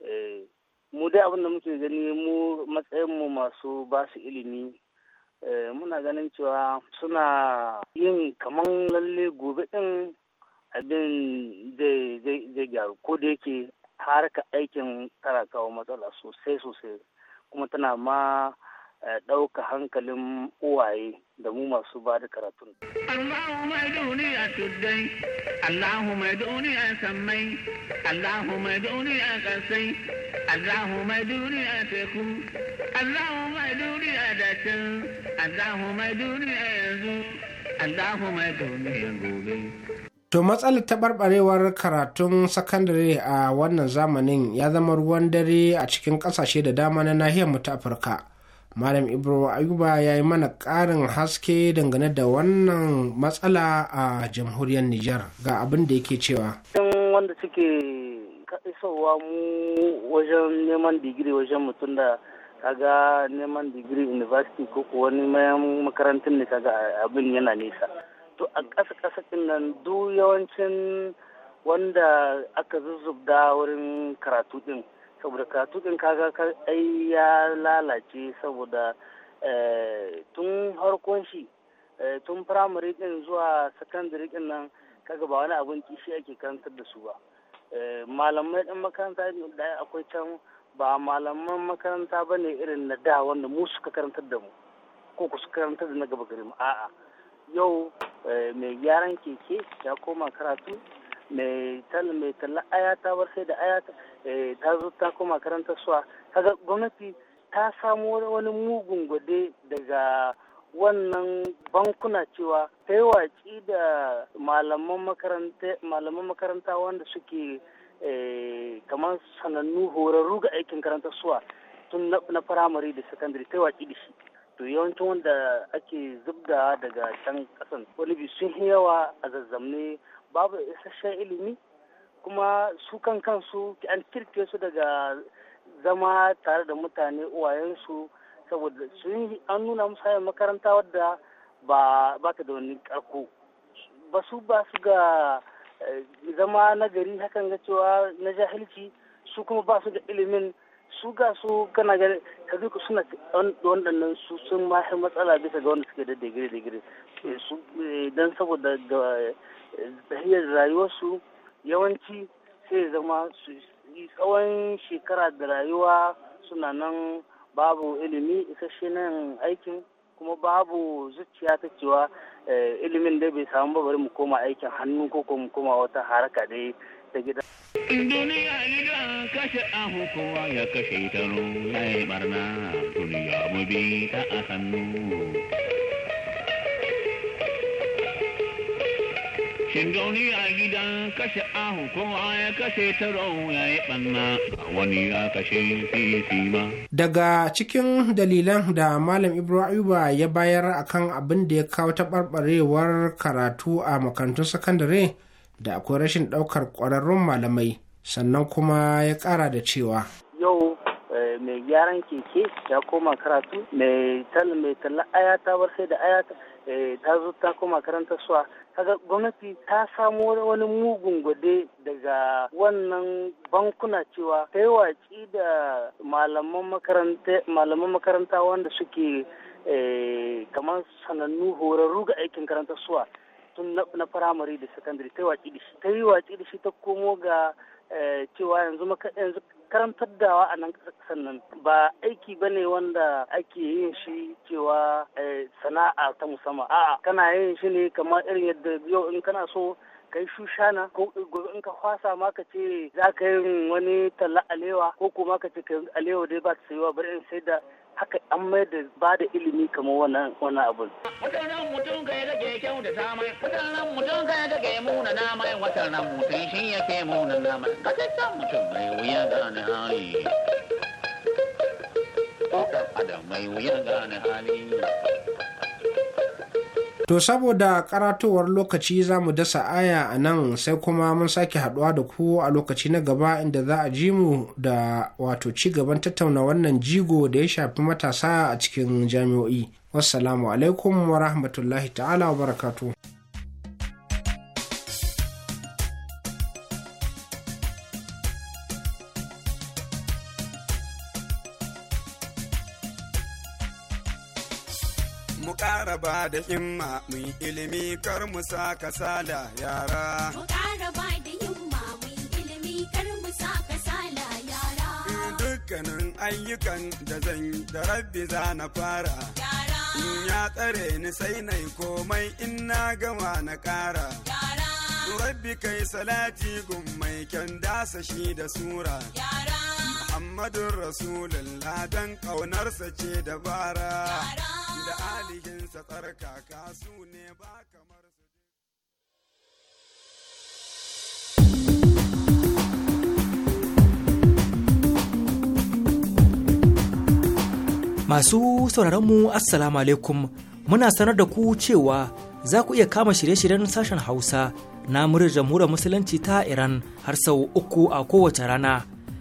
eh, mu dai abinda muke gani mu matsayinmu masu ba su ilimi muna ganin cewa suna yin kaman lalle gobe ɗin abin zai gyaru ko da yake harka aikin tana kawo matsala sosai sosai kuma tana ma eh, ɗauka hankalin uwaye da mu masu ba da karatun. Allahu mai duniya tuddai, Allahu mai duniya sammai, Allahu mai duniya ƙasai, Allahu mai duniya teku, Allahu mai duniya dacin, Allahu mai duniya yanzu, Allahu mai duniya gobe. To matsalar taɓarɓarewar karatun sakandare a wannan zamanin ya zama ruwan dare a cikin ƙasashe da dama na nahiyar mu ta Afirka. Malam Ibro Ayuba ya yi mana ƙarin haske dangane da wannan matsala a jamhuriyar Nijar ga abin da yake cewa. wanda suke isowa mu wajen neman digiri wajen mutum da kaga neman digiri university ko wani neman makarantar ne kaga abin yana nisa. a ƙasa ƙasa nan duk yawancin wanda aka zuzzubda wurin karatu ɗin, saboda karatu ɗin kaga ai ya lalace saboda eh, tun harkon shi eh, tun firamare ɗin zuwa sakandare din nan kaga ba wani abin kishi ake karantar da su ba eh, malamai ɗin makaranta da akwai can ba malaman makaranta ba ne irin na da wanda mu suka karantar da mu ko ku suka karantar da na gaba gari a'a yau eh, mai gyaran keke ya koma karatu mai talla aya ta bar sai da aya ta eh, zo ta koma karanta suwa kaga gwamnati ta samu wani mugun gwade daga wannan bankuna cewa ta yi watsi da malaman makaranta wanda suke eh, kamar sanannu horarru ga aikin karanta suwa tun na firamare da sakandare ta yi watsi da shi to yawancin wanda ake zubda daga can kasan wani bi sun yi yawa a zazzamne babu isasshen ilimi kuma su kan kansu an kirke su daga zama tare da mutane uwayensu saboda sun an nuna musu hanyar makaranta wadda ba ba ta da wani karko ba su ba su ga eh, zama na hakan ga cewa na jahilci su kuma ba su da ilimin su ga su kana ga yanzu suna waɗannan su sun mahi matsala bisa ga wanda suke da digiri digiri eh, su eh, dan saboda ga eh, tahiyar rayuwarsu yawanci sai zama su tsawon shekara da rayuwa suna nan babu ilimi isasshe nan aikin kuma babu zuciya ta cewa ilimin da bai samu ba bari mu koma aikin hannu ko mu koma wata haraka dai ta gida. Duniya gida kashe ahu kowa ya kashe ta ya barna duniya mu bi ta a hannu. Shin duniya gida kashe ahu kowa ya kashe ta ya yi barna wani ya kashe fi ma. Daga cikin dalilan da Malam Ibrahima ya bayar akan abin da ya kawo taɓarɓarewar karatu a makarantun sakandare. da akwai rashin ɗaukar ƙwararrun malamai sannan kuma ya ƙara da cewa yau eh, mai gyaran keke ya koma karatu mai talla aya ta bar sai da aya ta eh, zo ta koma karanta suwa kaga gwamnati ta samo wani mugun gwade daga wannan bankuna cewa Kai yi watsi da malaman makaranta wanda suke eh, kamar sanannu horarru ga aikin karanta suwa tun na firamare da sakandare ta yi watsi da shi ta yi watsi da shi ta komo ga eh, cewa yanzu yanzu karantar dawa a nan ƙasar nan ba aiki ba ne wanda ake yin shi cewa eh, sana'a ta musamman a'a kana yin shi ne kamar irin yadda yau in kana so kai shushana ko gobe in ka kwasa ma ka ce za ka yi wani talla alewa ko kuma ka ce ka alewa dai ba ta sayuwa bari in sai da haka an mai da ba da ilimi kamar wannan wannan abun. Mutanen mutum ka da ke kyau da samai, mutanen mutum kai da ke muna namai, mutanen mutum shi ya ke muna namai, kasashen mutum mai wuya gane hali. Adam mai wuya gane hali. To saboda karatowar lokaci za mu dasa aya a nan sai kuma mun sake haduwa da ku a lokaci na gaba inda za a ji mu da wato ci gaban tattauna wannan jigo da ya shafi matasa a cikin jami'o'i. Wassalamu alaikum wa rahmatullahi ta'ala wa barakatuh. ba da himma mu yi ilimi kar mu sa kasala yara. ba da himma mu yi ilimi kar mu sa kasala yara. Dukkanin ayyukan da zan da rabbi za na fara. Yara. In ya tsare ni sai na yi komai in na gama na ƙara. Yara. Rabbi kai salati gun mai kyan dasa shi da sura. Yara. Muhammadun Rasulullah dan ƙaunarsa ce dabara. Yara. da alihinsa tsarkaka su ne ba kamar su Masu sauraronmu Assalamu alaikum muna sanar da ku cewa za ku iya kama shirye-shiryen sashen Hausa na muryar jamhuriyar Musulunci ta Iran har sau uku a kowace rana.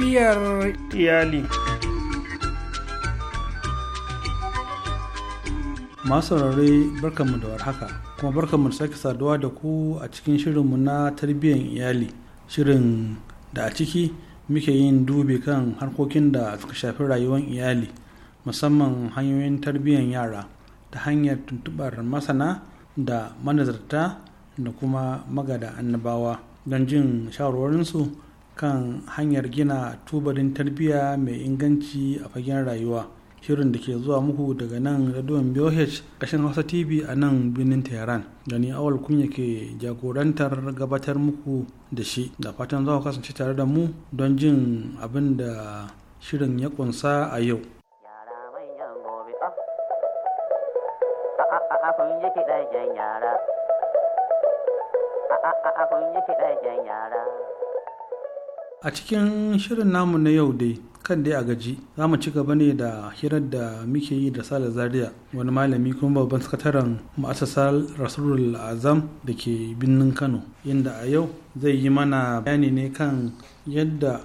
tarbiyyar iyali masu rarrai barkanmu da warhaka kuma barkanmu da sake saduwa da ku a cikin shirinmu na tarbiyyar iyali shirin da a ciki muke yin dubi kan harkokin da suka shafi rayuwar iyali musamman hanyoyin tarbiyyar yara ta hanyar tuntubar masana da manazarta da kuma magada annabawa don jin shawarwarinsu kan hanyar gina tubalin tarbiyya mai inganci a fagen rayuwa shirin da ke zuwa muku daga nan radiyon boh kashin hausa tv a nan birnin tehran da ni awal kunya ke jagorantar gabatar muku da shi da fatan za ku kasance tare da mu don jin abin da shirin ya kunsa a yau yara a cikin shirin namu na yau dai kan dai a gaji za mu ci gaba ne da hirar da muke yi da sale zaria wani malami kuma babban sakataren ma'asasar rasulul azam da ke birnin kano inda a yau zai yi mana bayani ne kan yadda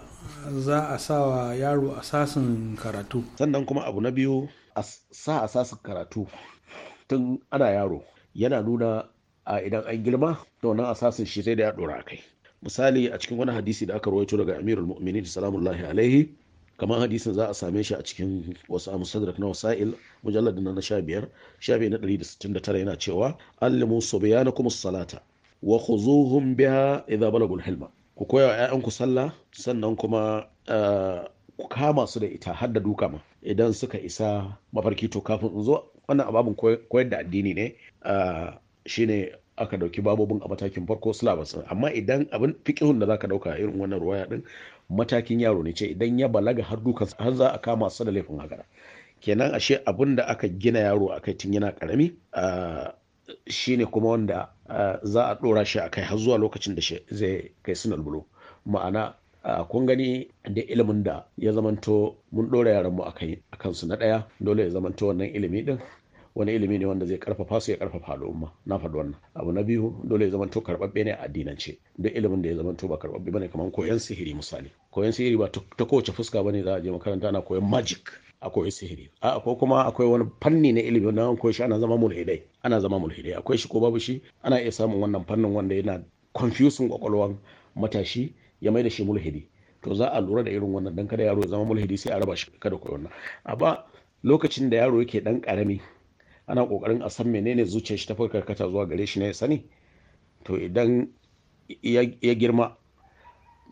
za a sa wa yaro asasin karatu sannan kuma abu na biyu a sa asasin karatu tun ana yaro yana nuna a idan an girma to nan asasin shi sai da ya dora kai misali a cikin wani hadisi da aka rawaito daga amirul mu'minin salamullahi alaihi kamar hadisin za a same shi a cikin wasu amsadrak na wasa'il mujalladin na sha biyar sha biyar na ɗari da sittin da tara yana cewa allimu na kuma salata wa khuzuhum biha idza balagul hilma ku koya wa 'ya'yanku sallah sannan kuma eh, ku kama su da ita har da duka ma idan suka isa mafarki to kafin in zo wannan ababin koyar da addini ne eh, shine aka dauki babobin a matakin farko silabus amma idan abin fikihun da zaka dauka irin wannan ruwaya din matakin yaro ne ce idan ya balaga har dukan har za a kama su da laifin hagara kenan ashe abin da aka gina yaro a kai tun yana karami shine kuma wanda za a dora shi a kai har zuwa lokacin da zai kai sunan bulo ma'ana kun gani da ilimin da ya zamanto mun dora mu a kansu na daya dole ya zamanto wannan ilimi din wani ilimi ne wanda zai karfafa su ya karfafa al'umma na faɗi wannan abu na biyu dole ya zama to karɓaɓɓe ne a addinance duk ilimin da ya zama to ba karɓaɓɓe bane kamar koyon sihiri misali koyon sihiri ba ta kowace fuska bane za a je makaranta ana koyon magic a koyi sihiri a ko kuma akwai wani fanni na ilimi wanda an shi ana zama mulhidai ana zama mulhidai akwai shi ko babu shi ana iya samun wannan fannin wanda yana confusing kwakwalwan matashi ya mai da shi mulhidi to za a lura da irin wannan dan kada yaro ya zama mulhidi sai a raba shi kada koyi wannan a ba lokacin da yaro yake dan karami ana kokarin a san menene zuciyar shi ta farkar karkata zuwa gare shi ne sani to idan ya girma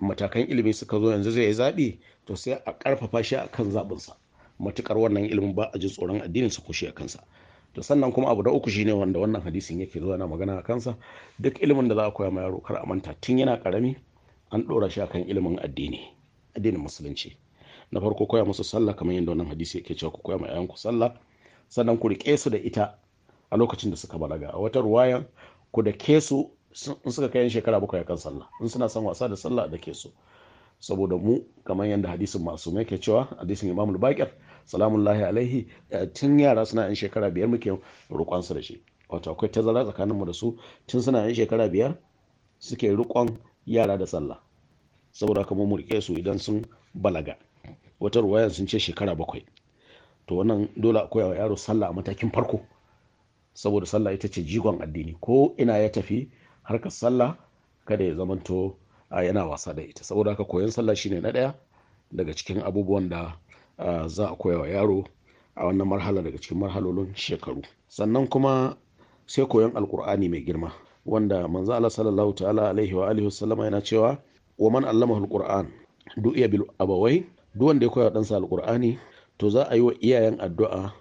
matakan ilimi suka zo yanzu zai yi zaɓi to sai a karfafa shi a kan zaɓinsa matukar wannan ilimin ba a ji tsoron addinin su kushe a kansa to sannan kuma abu da uku shine wanda wannan hadisin yake zuwa na magana a kansa duk ilimin da za a koya ma yaro kar a manta tun yana karami an ɗora shi akan ilimin addini addinin musulunci na farko koya musu sallah kamar yadda wannan hadisi yake cewa ku koya ma 'ya'yanku sallah sannan ku riƙe su da ita a lokacin da suka balaga a wata ruwayan ku da ke su in suka kai shekara bakwai akan sallah in suna son wasa da sallah da ke su saboda mu kamar yadda hadisin masu mai ke cewa hadisin imam al-baqir salamun lahi alaihi eh, tun yara suna yan shekara biyar muke su da shi wato akwai tazara tsakanin mu da su tun suna yan shekara biyar suke roƙon yara da sallah saboda haka mu riƙe su idan sun balaga wata ruwayan sun ce shekara bakwai to wannan dole a koya wa yaro sallah a matakin farko saboda sallah ita ce jigon addini ko ina ya tafi harkar sallah kada ya zamanto yana wasa da ita saboda haka koyon sallah shine na ɗaya daga cikin abubuwan da za a koya wa yaro a wannan marhala daga cikin marhalolin shekaru sannan kuma sai koyon alkur'ani mai girma wanda manzo Allah sallallahu ta'ala alaihi wa alihi wasallama yana cewa wa man allama alkur'an du'iya bil abawai duk wanda ya koya wa ɗansa alkur'ani to za a yi wa iyayen addu'a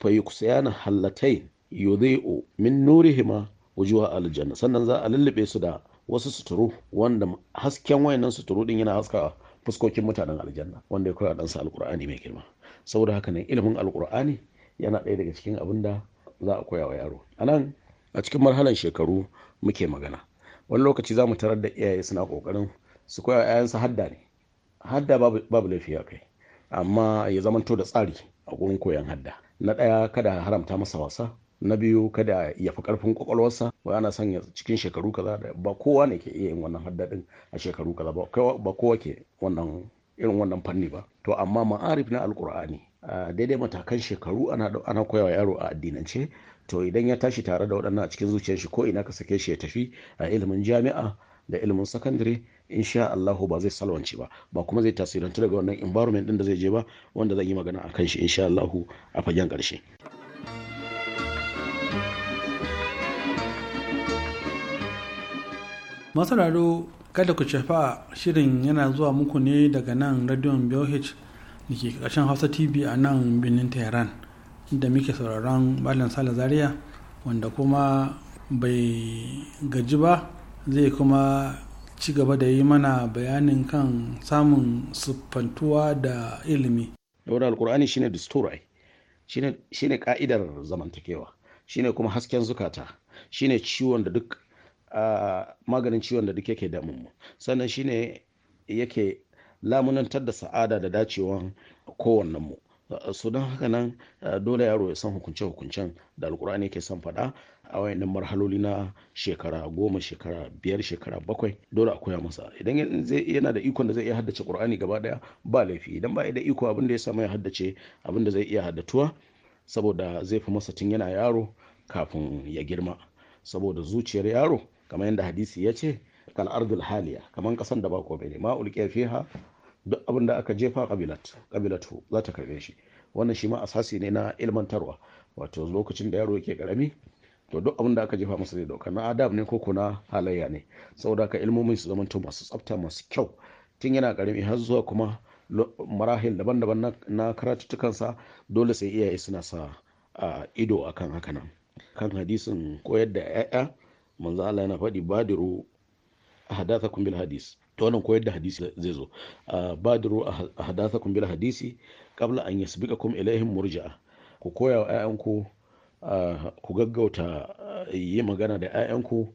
fa yuksiyana hallatai yudhi'u min nurihima wujuha aljanna sannan za a lullube su da wasu suturu wanda hasken wayannan suturu din yana haska fuskokin mutanen aljanna wanda ya koya dansa alqur'ani mai girma saboda haka nan ilimin alqur'ani yana ɗaya daga cikin abin da za a koya wa yaro anan a cikin marhalan shekaru muke magana wani lokaci za mu tarar da iyaye suna kokarin su koya wa 'ya'yansa hadda ne hadda babu laifi a kai amma ya zamanto da tsari a gurin koyon hadda na ɗaya kada haramta masa wasa na biyu kada ya fi karfin kwakwalwarsa ba ana son ya cikin shekaru kaza da ba kowa ne ke iya yin wannan haddadin a shekaru kaza ba kowa ke wannan irin wannan fanni ba to amma ma'arif na alkur'ani daidai matakan shekaru ana ana koyawa yaro a addinance to idan ya tashi tare da waɗannan a cikin zuciyar shi ko ina ka sake shi ya tafi a ilimin jami'a da ilimin sakandare insha Allah ba zai salwance ba ba kuma zai tasirantu daga wannan environment din da zai je ba wanda zan yi magana a kan shi insha Allah a fagen karshe masararo kada ku shafa shirin yana zuwa muku ne daga nan radion BOH da ke ƙarshen Hausa TV a nan birnin Tehran da muke sauraron Malam sala Zaria wanda kuma bai gaji ba zai kuma ci gaba da yi mana bayanin kan samun siffantuwa da ilimi. Dauda alkur'ani shine disturai, shine ka'idar zamantakewa, shine kuma hasken zukata, shine ciwon da duk maganin ciwon da duk yake damun sannan shine yake lamunantar da sa'ada da dacewan kowannenmu. mu. su don haka nan dole yaro ya san hukunce-hukuncen da alkur'ani ke son faɗa a wayannan marhaloli na shekara goma shekara biyar shekara bakwai dole a koya masa idan yana da ikon da zai iya haddace qur'ani gaba daya ba laifi idan ba da iko abin da ya samu ya haddace abin da zai iya haddatuwa saboda zai fi masa tun yana yaro kafin ya girma saboda zuciyar yaro kamar yadda hadisi ya ce kal ardul haliya kamar kasan da ba komai ne ma ulqiya duk abin da aka jefa kabilat kabilatu za ta karbe shi wannan shi ma asasi ne na ilmantarwa wato lokacin da yaro yake karami to duk abin da aka jefa masa zai dauka na adab ne ko kuna halayya ne saboda ka ilmomin su zamanto masu tsafta masu kyau tun yana karami har zuwa kuma marahil daban-daban na karatuttukansa dole sai iyaye suna sa ido akan haka nan kan hadisin koyar da 'ya'ya manzo Allah yana faɗi badiru ahdathakum bil hadis to wannan koyar da hadisi zai zo badiru ah, ahdathakum bil hadisi qabla an yasbiqakum ilaihim murja'a ku koya wa 'ya'yanku ku gaggauta yi magana da 'ya'yanku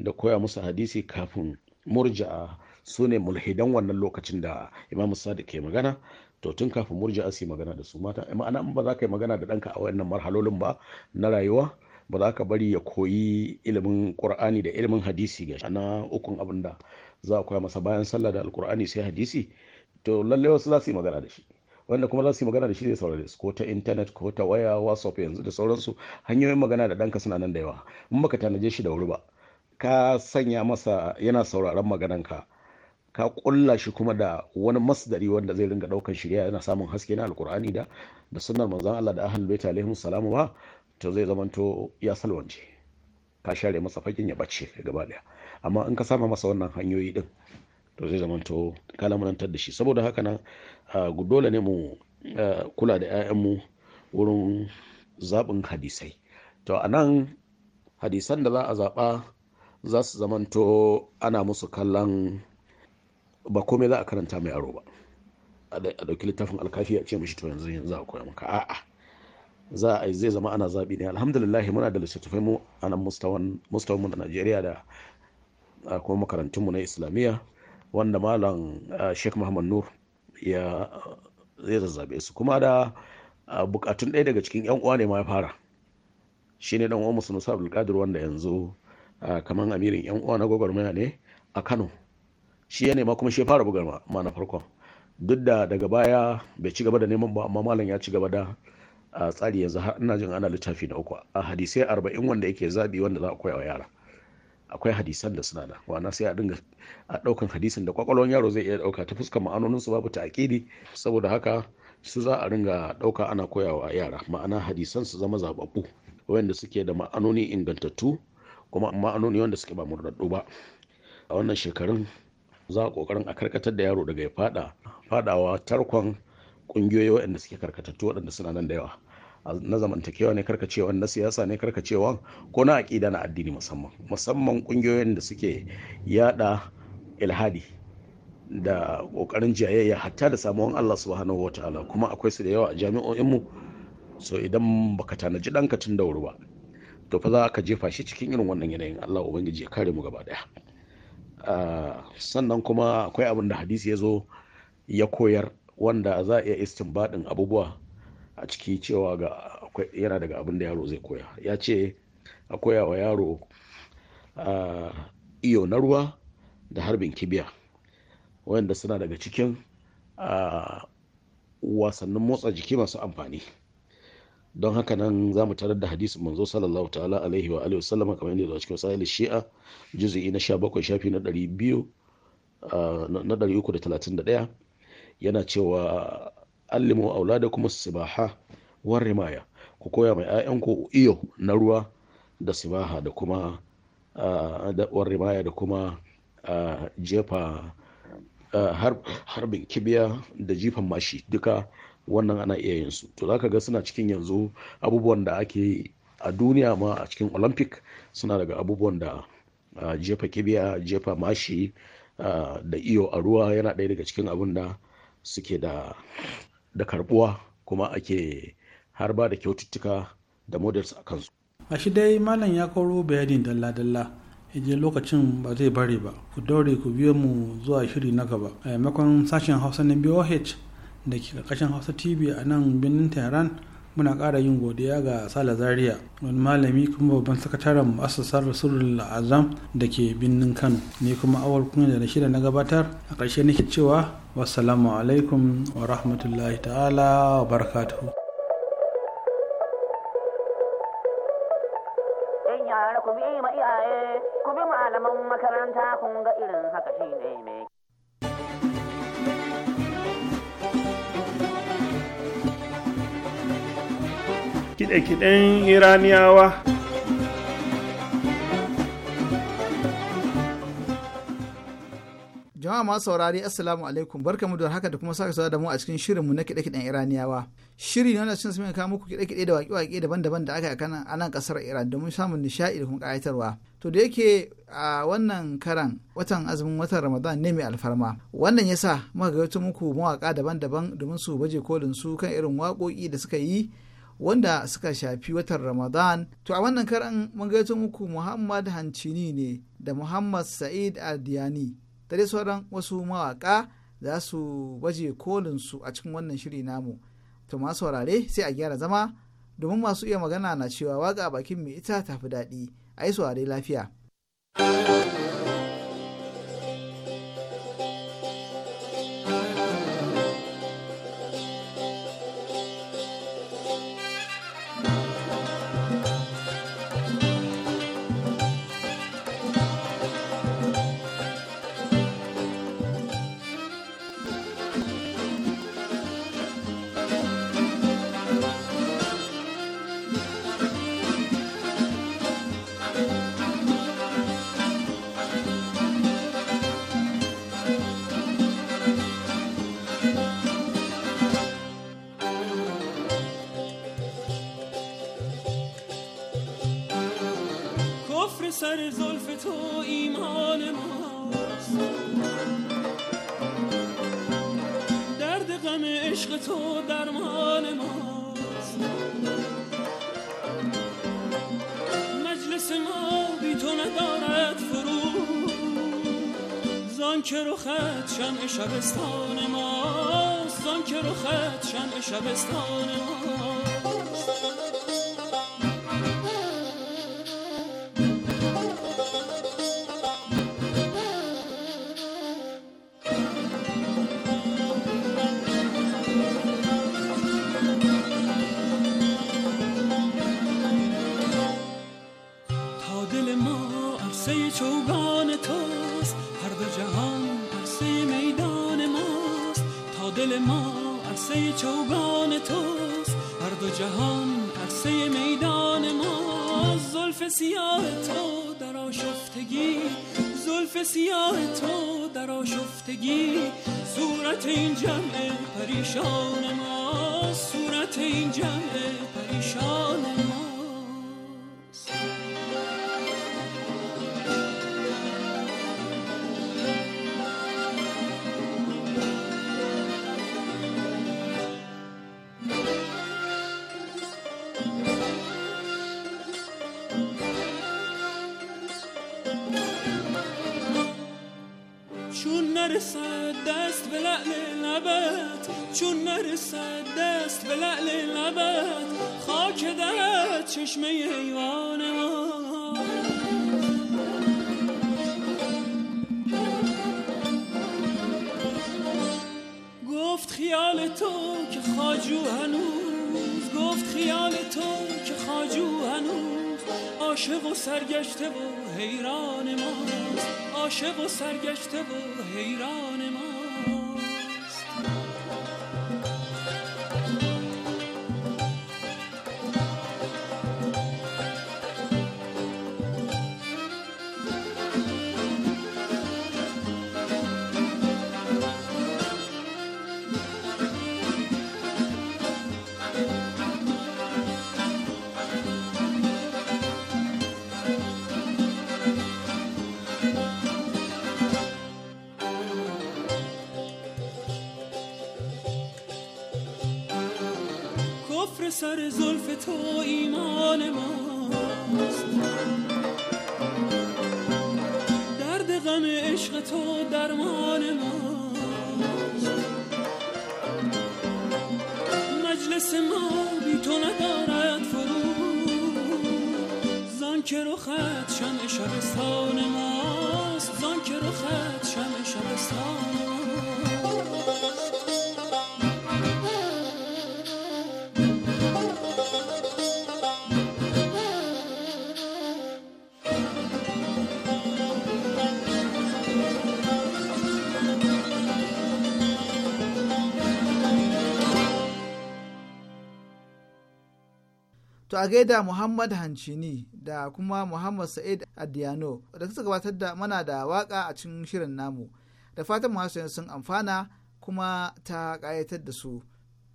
da koya musu hadisi kafin murja'a su ne mulhidan wannan lokacin da imam sadiq ke magana to tun kafin murja'a su yi magana da su mata ma'ana ba za ka yi magana da ɗanka a wannan marhalolin ba na rayuwa ba za ka bari ya koyi ilimin qur'ani da ilimin hadisi ga shi? na ukun abin za a koya masa bayan sallah da alqur'ani sai hadisi to lallai wasu za su yi magana da shi wanda kuma za su yi magana da shi zai saurare su ko ta intanet ko ta waya whatsapp yanzu da sauransu hanyoyin magana da ɗanka suna nan da yawa in baka tanaje shi da wuri ba ka sanya masa yana sauraron magananka ka kulla shi kuma da wani masdari wanda zai ringa ɗaukar shirya yana samun haske na alkur'ani da da sunnar manzon Allah da ahlul baiti alaihim salamu ba to zai zamanto ya salwance ka share masa fakin ya bace gaba daya amma in ka sama masa wannan hanyoyi din to zai zamanto ka lamurantar da shi saboda haka nan Ah, dole ne mu eh, kula da 'ya'yanmu wurin zaɓin hadisai to a nan hadisan da za a zaɓa za su zamanto ana musu kallon ba komai za a karanta mai yaro ba a ɗauki littafin alkafi a ce mashi to yanzu yanzu a koya maka a'a za a zai zama ana zaɓi ne alhamdulillah muna da littattafai mu a nan mustawan mu na najeriya da kuma makarantunmu na islamiyya wanda malam ah, sheikh muhammad nur ya zai zazzabe su kuma da bukatun ɗaya daga cikin yan uwa ne ma ya fara shine dan uwan musu Abdulkadir wanda yanzu kamar amirin yan uwa na gwagwarmaya ne a Kano shi ya nema kuma shi ya fara bugar ma na farkon duk da daga baya bai ci gaba da neman ba amma malam ya ci gaba da tsari yanzu har ina jin ana littafi na uku a hadisai arba'in wanda yake zabi wanda za a koya wa yara akwai hadisan da suna wa na sai a dinga a daukan hadisin da kwakwalwan yaro zai iya dauka ta fuskar ma'anonin su babu ta'akidi saboda haka su za a ringa dauka ana koyawa yara ma'ana hadisan su zama zababbu wanda suke da ma'anoni ingantattu kuma ma'anoni wanda suke ba murdaddu ba a wannan shekarun za a kokarin a karkatar da yaro daga ya fada fadawa tarkon kungiyoyi wanda suke karkatattu wadanda suna nan da yawa na zamantakewa ne karkacewa na siyasa ne karkacewa ko na aƙida na addini musamman musamman ƙungiyoyin da suke yada ilhadi da ƙoƙarin jayayya hatta da samuwan Allah subhanahu wa ta'ala kuma akwai su da yawa a jami'o'inmu so idan baka tanaji ɗanka tun da wuri ba to fa za ka jefa shi cikin irin wannan yanayin Allah ubangiji ya kare mu gaba daya ah, sannan kuma akwai abin da hadisi ya zo ya koyar wanda za a iya istinbadin abubuwa a ciki cewa ga akwai yana daga abin da yaro zai koya ya ce a koya wa yaro iyo na ruwa da harbin kibiya wanda suna daga cikin wasannin motsa jiki masu amfani don haka nan za mu tarar da hadisin manzo sallallahu ta'ala alaihi wa alihi wasallama kamar yadda zuwa cikin sahih shi'a juz'i na 17 shafi na 200 na 331 yana cewa allimu auladakum da sibaha war rimaya ku koya mai ƴaƴanku iyo na ruwa da sibaha da kuma ah, war rimaya da kuma ah, jefa ah, harbin kibiya da jifan mashi duka wannan ana iya yin su to zaka ga suna cikin yanzu abubuwan da ake a duniya ma a cikin olympic suna daga abubuwan da jefa kibiya jefa mashi da iyo a ruwa yana ɗaya daga cikin abin da suke da da karbuwa kuma ake har ba da kyaututtuka da models a kansu. a shi dai malam ya koro bayanin dalla-dalla je lokacin ba zai bari ba ku daure ku biyo mu zuwa shiri na gaba a maimakon sashen hausa na boh da ke karkashin hausa tv a nan birnin tehran muna ƙara yin godiya ga sala zaria wani malami kuma babban sakataren mu'assasar rasulul azam da ke birnin kano ne kuma awal kunya da shida na gabatar a ƙarshe nake cewa wasalamu alaikum wa rahmatullahi ta'ala wa barakatuhu ku bi ma iyaye ku bi malaman makaranta kun ga irin haka shi ne mai kiɗe-kiɗen iraniyawa Jama'a masu saurari Assalamu alaikum mu da haka da kuma sake saurara da mu a cikin shirinmu na kiɗe-kiɗen Iraniyawa. Shiri ne wanda sa su kawo muku kiɗe-kiɗe da waƙe-waƙe daban-daban da aka yi a nan ƙasar Iran domin samun nishaɗi da kuma ƙayatarwa. To da yake a wannan karan watan azumin watan Ramadan ne mai alfarma. Wannan yasa muka gayyato muku mawaƙa daban-daban domin su baje kolin su kan irin waƙoƙi da suka yi wanda suka shafi watan Ramadan. To a wannan karan mun gayyato muku Muhammad Hancini ne da Muhammad Sa'id Adiyani. da dai sauran wasu mawaƙa za su baje kolin su a cikin wannan shiri namu to masu saurare sai a gyara zama domin masu iya magana na cewa waka bakin mai ita tafi daɗi a yi saurare lafiya. سر زلف تو ایمان ماست درد غم عشق تو درمان ماست مجلس ما بی تو ندارد فرو زان که رو خد شمع شبستان ماست زان که رو خط شمع شبستان ماست چشمه ما گفت خیال تو که خاجو هنوز گفت خیال تو که خاجو هنوز عاشق و سرگشته و حیران ما عاشق و سرگشته و حیران تو ایمان ماست درد غم عشق تو درمان ماست مجلس ما بی تو ندارد فرو زان که رو خط شم شبستان ماست زان که رو خط شم شبستان ماست To a gaida Muhammad Hancini da kuma Muhammad Sa'id Adiyano da suka gabatar da mana da waka a cikin shirin namu. Da fatan masu sun amfana kuma ta ƙayatar da su.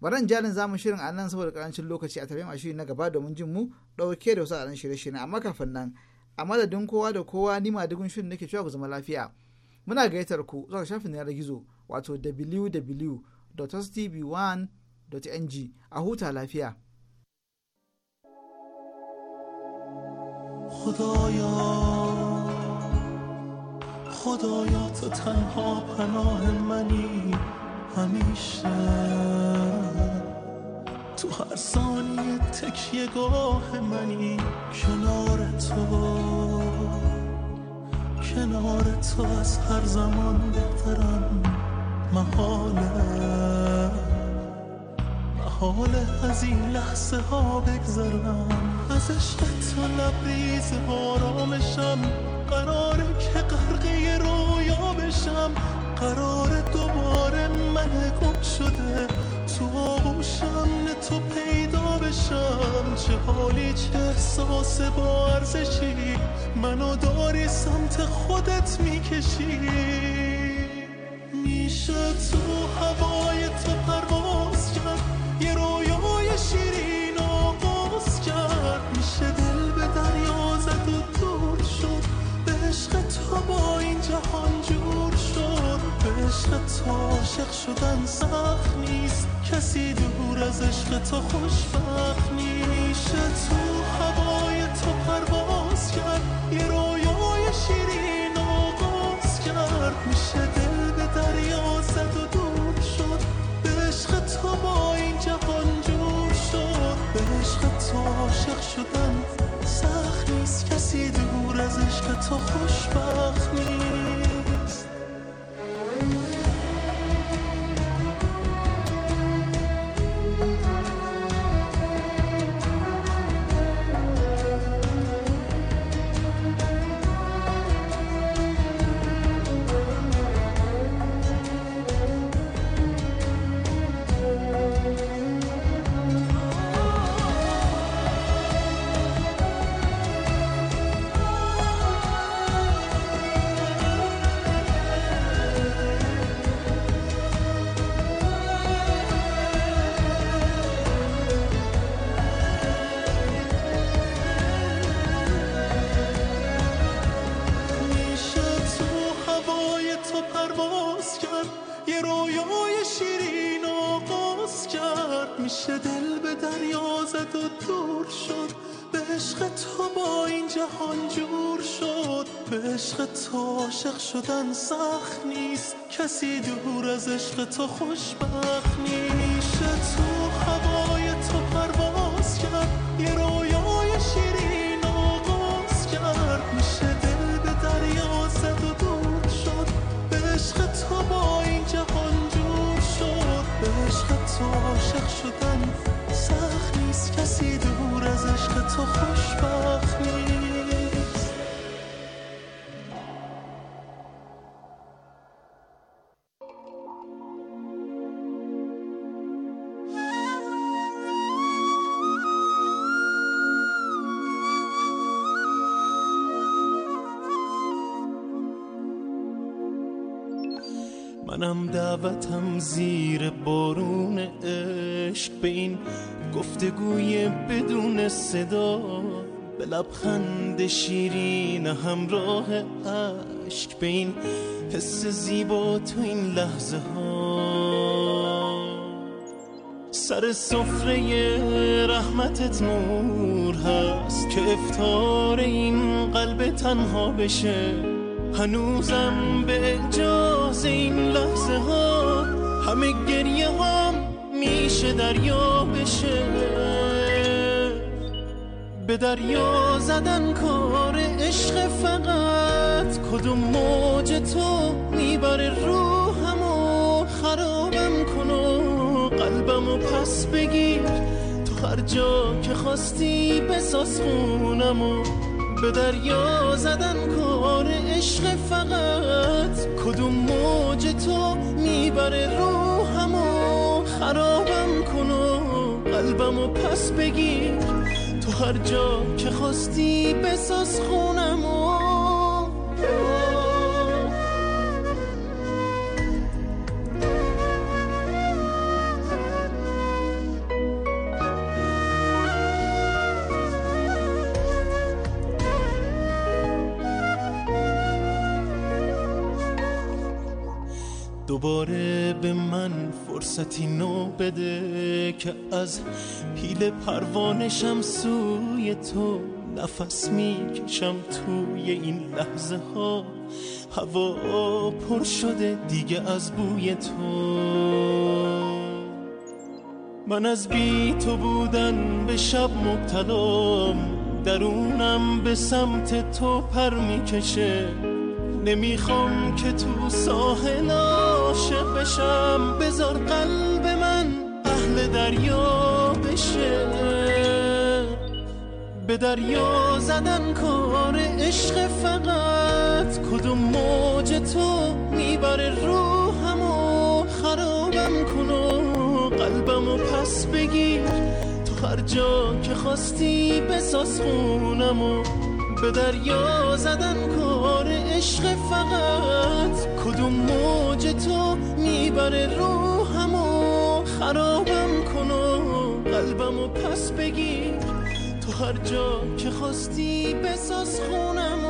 Baran jalin zamu shirin a nan saboda karancin lokaci a tafiya shiri na gaba domin jin mu ɗauke da wasu a shirye-shirye amma kafin nan a madadin kowa da kowa ni ma dugun shirin nake cewa ku zama lafiya. Muna gayyatar ku zuwa shafin yanar gizo wato www.tv1.ng a huta lafiya. خدایا خدایا تو تنها پناه منی همیشه تو هر ثانیه تکیه گاه منی کنار تو کنار تو از هر زمان بهترم محاله محاله از این لحظه ها بگذرم از تو لبریز بارامشم قراره که قرقه رویا بشم قراره دوباره من گم شده تو آغوشم تو پیدا بشم چه حالی چه احساس با ارزشی منو داری سمت خودت میکشی میشه تو هوای تو با این جهان جور شد به عشق عاشق شدن سخت نیست کسی دور از عشق تو خوشبخت میشه تو هوای تو پرواز کرد یه رویای شیرین آغاز کرد میشه دل به دریا زد و دور شد به عشق تو با این جهان جور شد به عشق تو عاشق شدن سخت نیست کسی دور از عشق تو خوشبخت نیست شدن سخت نیست کسی دور از عشق تو خوشبخت نیست و زیر بارون عشق به این گفتگوی بدون صدا به لبخند شیرین همراه عشق به این حس زیبا تو این لحظه ها سر سفره رحمتت نور هست که افتار این قلب تنها بشه هنوزم به اجاز این لحظه ها همه گریه هم میشه دریا بشه به دریا زدن کار عشق فقط کدوم موج تو میبره روحمو خرابم کن و قلبمو پس بگیر تو هر جا که خواستی بساز خونمو به دریا زدن کار عشق فقط کدوم موج تو میبره روحمو خرابم کن و قلبمو پس بگیر تو هر جا که خواستی بساز خونمو دوباره به من فرصتی نو بده که از پیل پروانشم سوی تو نفس میکشم توی این لحظه ها هوا پر شده دیگه از بوی تو من از بی تو بودن به شب مبتلام درونم به سمت تو پر میکشه نمیخوام که تو ساحلم عاشق بشم بذار قلب من اهل دریا بشه به دریا زدن کار عشق فقط کدوم موج تو میبره روحمو خرابم کن و قلبمو پس بگیر تو هر جا که خواستی بساز خونمو به دریا زدن کار عشق فقط کدوم موج تو میبره روحمو خرابم کن و قلبمو پس بگیر تو هر جا که خواستی بساز خونم